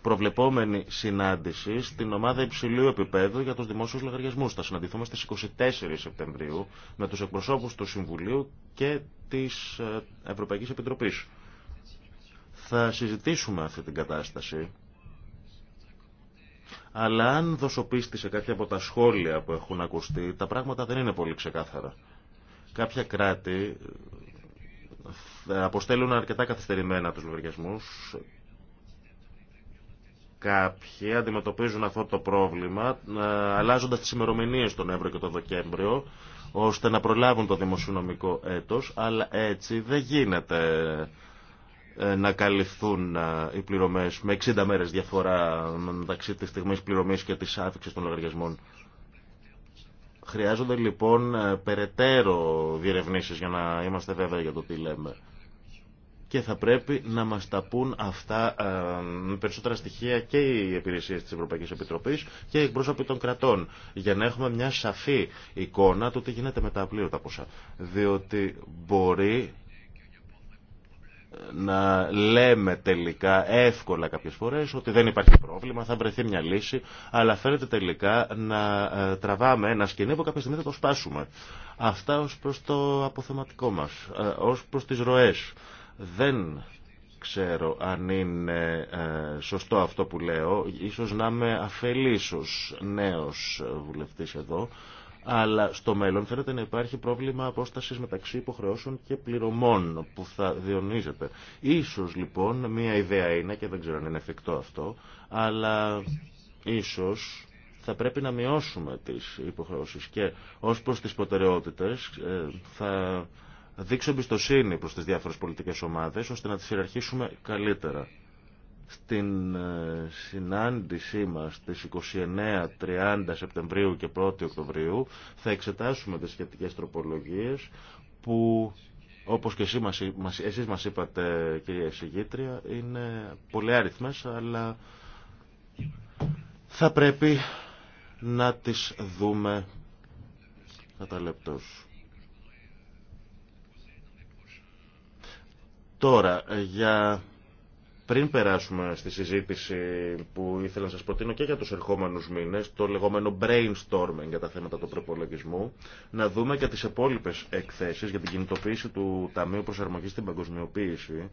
προβλεπόμενη συνάντηση στην ομάδα υψηλού επίπεδου για τους δημόσιους λογαριασμούς. Θα συναντηθούμε στις 24 Σεπτεμβρίου με τους εκπροσώπους του Συμβουλίου και της ε, Ευρωπαϊκής Επιτροπής θα συζητήσουμε αυτή την κατάσταση. Αλλά αν δώσω πίστη σε κάποια από τα σχόλια που έχουν ακουστεί, τα πράγματα δεν είναι πολύ ξεκάθαρα. Κάποια κράτη ε, αποστέλουν αρκετά καθυστερημένα τους λογαριασμούς. Κάποιοι αντιμετωπίζουν αυτό το πρόβλημα ε, αλλάζοντας τις ημερομηνίες τον Εύρο και τον Δεκέμβριο ώστε να προλάβουν το δημοσιονομικό έτος, αλλά έτσι δεν γίνεται ε, να καλυφθούν ε, οι πληρωμές με 60 μέρες διαφορά μεταξύ της στιγμής πληρωμής και της άφηξης των λογαριασμών. Χρειάζονται λοιπόν ε, περαιτέρω διερευνήσεις για να είμαστε βέβαιοι για το τι λέμε. Και θα πρέπει να μας τα πούν αυτά με περισσότερα στοιχεία και οι υπηρεσίες της Ευρωπαϊκής Επιτροπής και οι πρόσωποι των κρατών για να έχουμε μια σαφή εικόνα του τι γίνεται με τα απλήρωτα ποσά. Διότι μπορεί να λέμε τελικά εύκολα κάποιες φορές ότι δεν υπάρχει πρόβλημα, θα βρεθεί μια λύση, αλλά φαίνεται τελικά να ε, τραβάμε ένα σκηνή που κάποια στιγμή θα το σπάσουμε. Αυτά ως προς το αποθεματικό μας, ε, ως προς τις ροές. Δεν ξέρω αν είναι ε, σωστό αυτό που λέω, ίσως να είμαι αφελής ως νέος βουλευτής εδώ, αλλά στο μέλλον φαίνεται να υπάρχει πρόβλημα απόσταση μεταξύ υποχρεώσεων και πληρωμών που θα διονύζεται. Ίσως λοιπόν μια ιδέα είναι, και δεν ξέρω αν είναι εφικτό αυτό, αλλά ίσως θα πρέπει να μειώσουμε τις υποχρεώσεις και ως προς τις προτεραιότητε, ε, θα δείξω εμπιστοσύνη προς τις διάφορες πολιτικές ομάδες ώστε να τις ιεραρχήσουμε καλύτερα στην ε, συνάντησή μας στις 29-30 Σεπτεμβρίου και 1η Οκτωβρίου θα εξετάσουμε τις σχετικές τροπολογίες που όπως και εσύ, εσείς μας είπατε κυρία εισηγήτρια είναι πολλοί αριθμές αλλά θα πρέπει να τις δούμε κατά λεπτός. Τώρα για πριν περάσουμε στη συζήτηση που ήθελα να σας προτείνω και για τους ερχόμενους μήνες, το λεγόμενο brainstorming για τα θέματα του προπολογισμού, να δούμε και τις επόλοιπες εκθέσεις για την κινητοποίηση του Ταμείου Προσαρμογής στην Παγκοσμιοποίηση.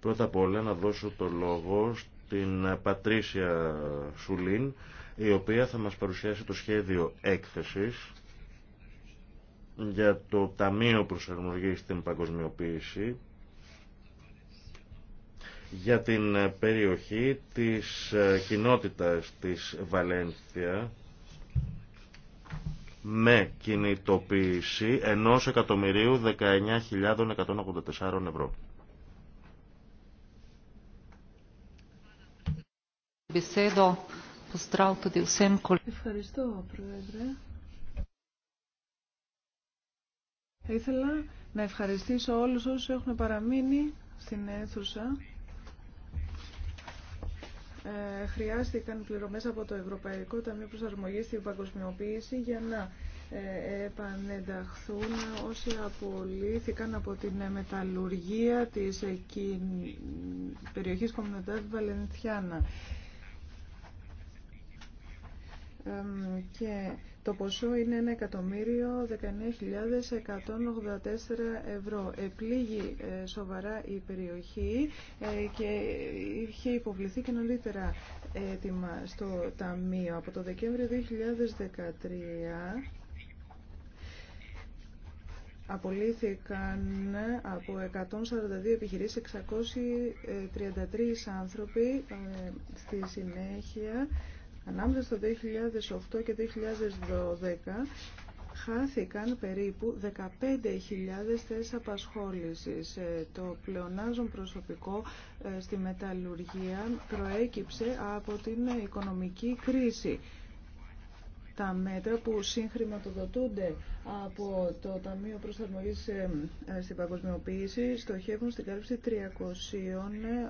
Πρώτα απ' όλα να δώσω το λόγο στην Πατρίσια Σουλίν, η οποία θα μας παρουσιάσει το σχέδιο έκθεσης για το Ταμείο Προσαρμογής στην Παγκοσμιοποίηση για την ε, περιοχή της ε, κοινότητας της Βαλένθια με κινητοποίηση ενός εκατομμυρίου 19.184 ευρώ. Ευχαριστώ, Πρόεδρε. Θα ήθελα να ευχαριστήσω όλους όσους έχουν παραμείνει στην αίθουσα. Ε, χρειάστηκαν πληρωμές από το Ευρωπαϊκό Ταμείο Προσαρμογής στην Παγκοσμιοποίηση για να ε, επανενταχθούν όσοι απολύθηκαν από την μεταλλουργία της ε, περιοχής Κομμουνιτάς Κομινοτάδη-Βαλεντιάνα και το ποσό είναι 1.019.184 ευρώ. Επλήγει ε, σοβαρά η περιοχή ε, και είχε υποβληθεί και νωρίτερα έτοιμα στο Ταμείο. Από το Δεκέμβριο 2013 απολύθηκαν από 142 επιχειρήσεις 633 ε, άνθρωποι στη συνέχεια Ανάμεσα στο 2008 και 2012 χάθηκαν περίπου 15.000 θέσεις απασχόλησης. Ε, το πλεονάζον προσωπικό ε, στη μεταλλουργία προέκυψε από την οικονομική κρίση τα μέτρα που συγχρηματοδοτούνται από το Ταμείο Προσαρμογής ε, ε, στην Παγκοσμιοποίηση στοχεύουν στην κάλυψη 300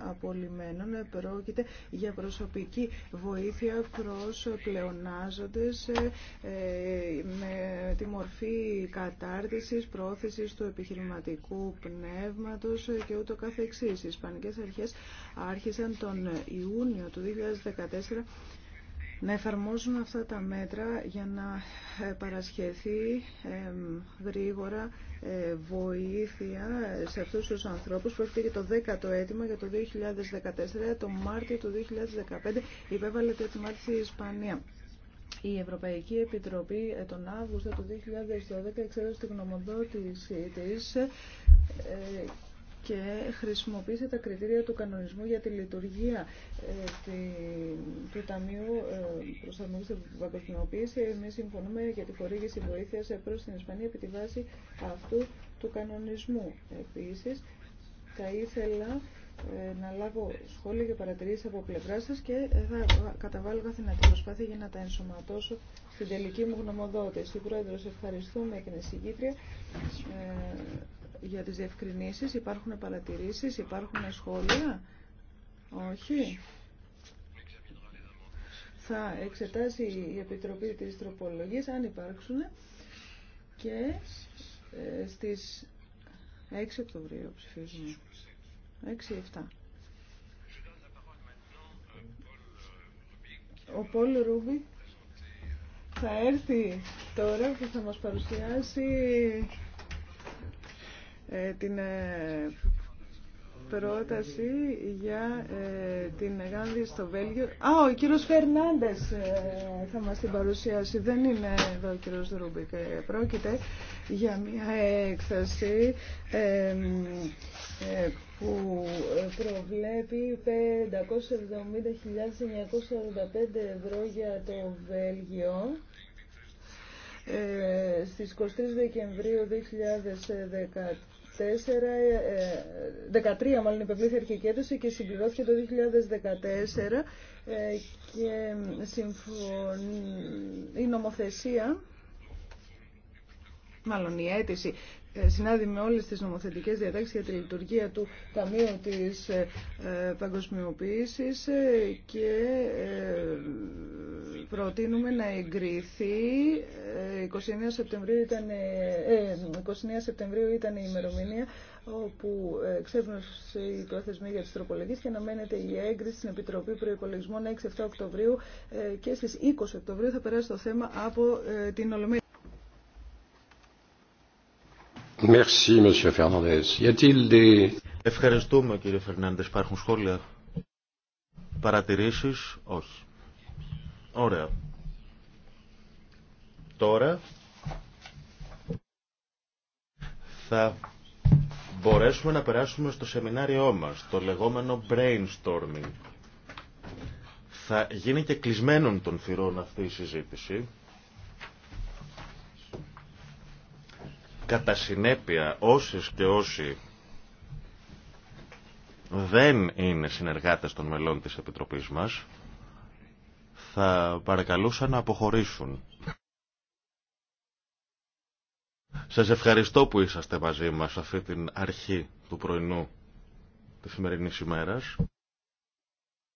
απολυμένων. Πρόκειται για προσωπική βοήθεια προς πλεονάζοντες ε, με τη μορφή κατάρτισης, πρόθεσης του επιχειρηματικού πνεύματος και ούτω καθεξής. Οι ισπανικέ Αρχές άρχισαν τον Ιούνιο του 2014 να εφαρμόζουν αυτά τα μέτρα για να ε, παρασχεθεί γρήγορα ε, βοήθεια σε αυτούς τους ανθρώπους. που για το 10ο αίτημα για το 2014, το Μάρτιο του 2015 υπέβαλε το αίτημά της η Ισπανία. Η Ευρωπαϊκή Επιτροπή ε, τον Αύγουστο του 2012 εξέδωσε τη γνωμοδότησή της και χρησιμοποίησε τα κριτήρια του κανονισμού για τη λειτουργία ε, του Ταμείου ε, Προσαρμογή στην Παγκοσμιοποίηση. Εμεί συμφωνούμε για τη χορήγηση βοήθεια ε, προ την Ισπανία επί τη βάση αυτού του κανονισμού. Επίση, θα ήθελα να λάβω σχόλια και παρατηρήσει από πλευρά σα και θα καταβάλω καθημερινή προσπάθεια για να τα ενσωματώσω στην τελική μου γνωμοδότηση. Πρόεδρο ευχαριστούμε την εισηγήτρια για τις διευκρίνήσει Υπάρχουν παρατηρήσεις, υπάρχουν σχόλια. Όχι. Θα εξετάσει η Επιτροπή της Τροπολογίας, αν υπάρξουν, και ε, στις 6 Οκτωβρίου ψηφίζουμε. 6-7. Ο Πολ Ρούμπι θα έρθει τώρα που θα μας παρουσιάσει ε, την ε, πρόταση για ε, την Γάνδη στο Βέλγιο. Α, ο κύριος Φερνάντες θα μας την παρουσιάσει. Δεν είναι εδώ ο κύριος Ρούμπικ. Πρόκειται για μια έκθεση που προβλέπει 570.945 ευρώ για το Βέλγιο στις 23 Δεκεμβρίου 2014 2013 13 ε, ε, μάλλον υπευλήθη αρχική ένταση και συμπληρώθηκε το 2014 ε, και η νομοθεσία Μάλλον η αίτηση ε, συνάδει με όλες τις νομοθετικές διατάξεις για τη λειτουργία του Ταμείου της ε, ε Παγκοσμιοποίησης ε, και προτείνουμε να εγκριθεί. 29 Σεπτεμβρίου ήταν, 29 Σεπτεμβρίου ήταν η ημερομηνία όπου ξέπνωσε η Πρόθεσμή για τις τροπολογίες και αναμένεται η έγκριση στην Επιτροπή Προϋπολογισμών 6-7 Οκτωβρίου και στις 20 Οκτωβρίου θα περάσει το θέμα από την Ολομέλεια. Ευχαριστούμε κύριε Φερνάντες. Υπάρχουν σχόλια. Παρατηρήσεις. Όχι. Ωραία. Τώρα θα μπορέσουμε να περάσουμε στο σεμινάριό μας, το λεγόμενο brainstorming. Θα γίνει και κλεισμένον των θυρών αυτή η συζήτηση. Κατά συνέπεια, όσες και όσοι δεν είναι συνεργάτες των μελών της Επιτροπής μας, θα παρακαλούσα να αποχωρήσουν. Σας ευχαριστώ που είσαστε μαζί μας αυτή την αρχή του πρωινού της σημερινής ημέρας.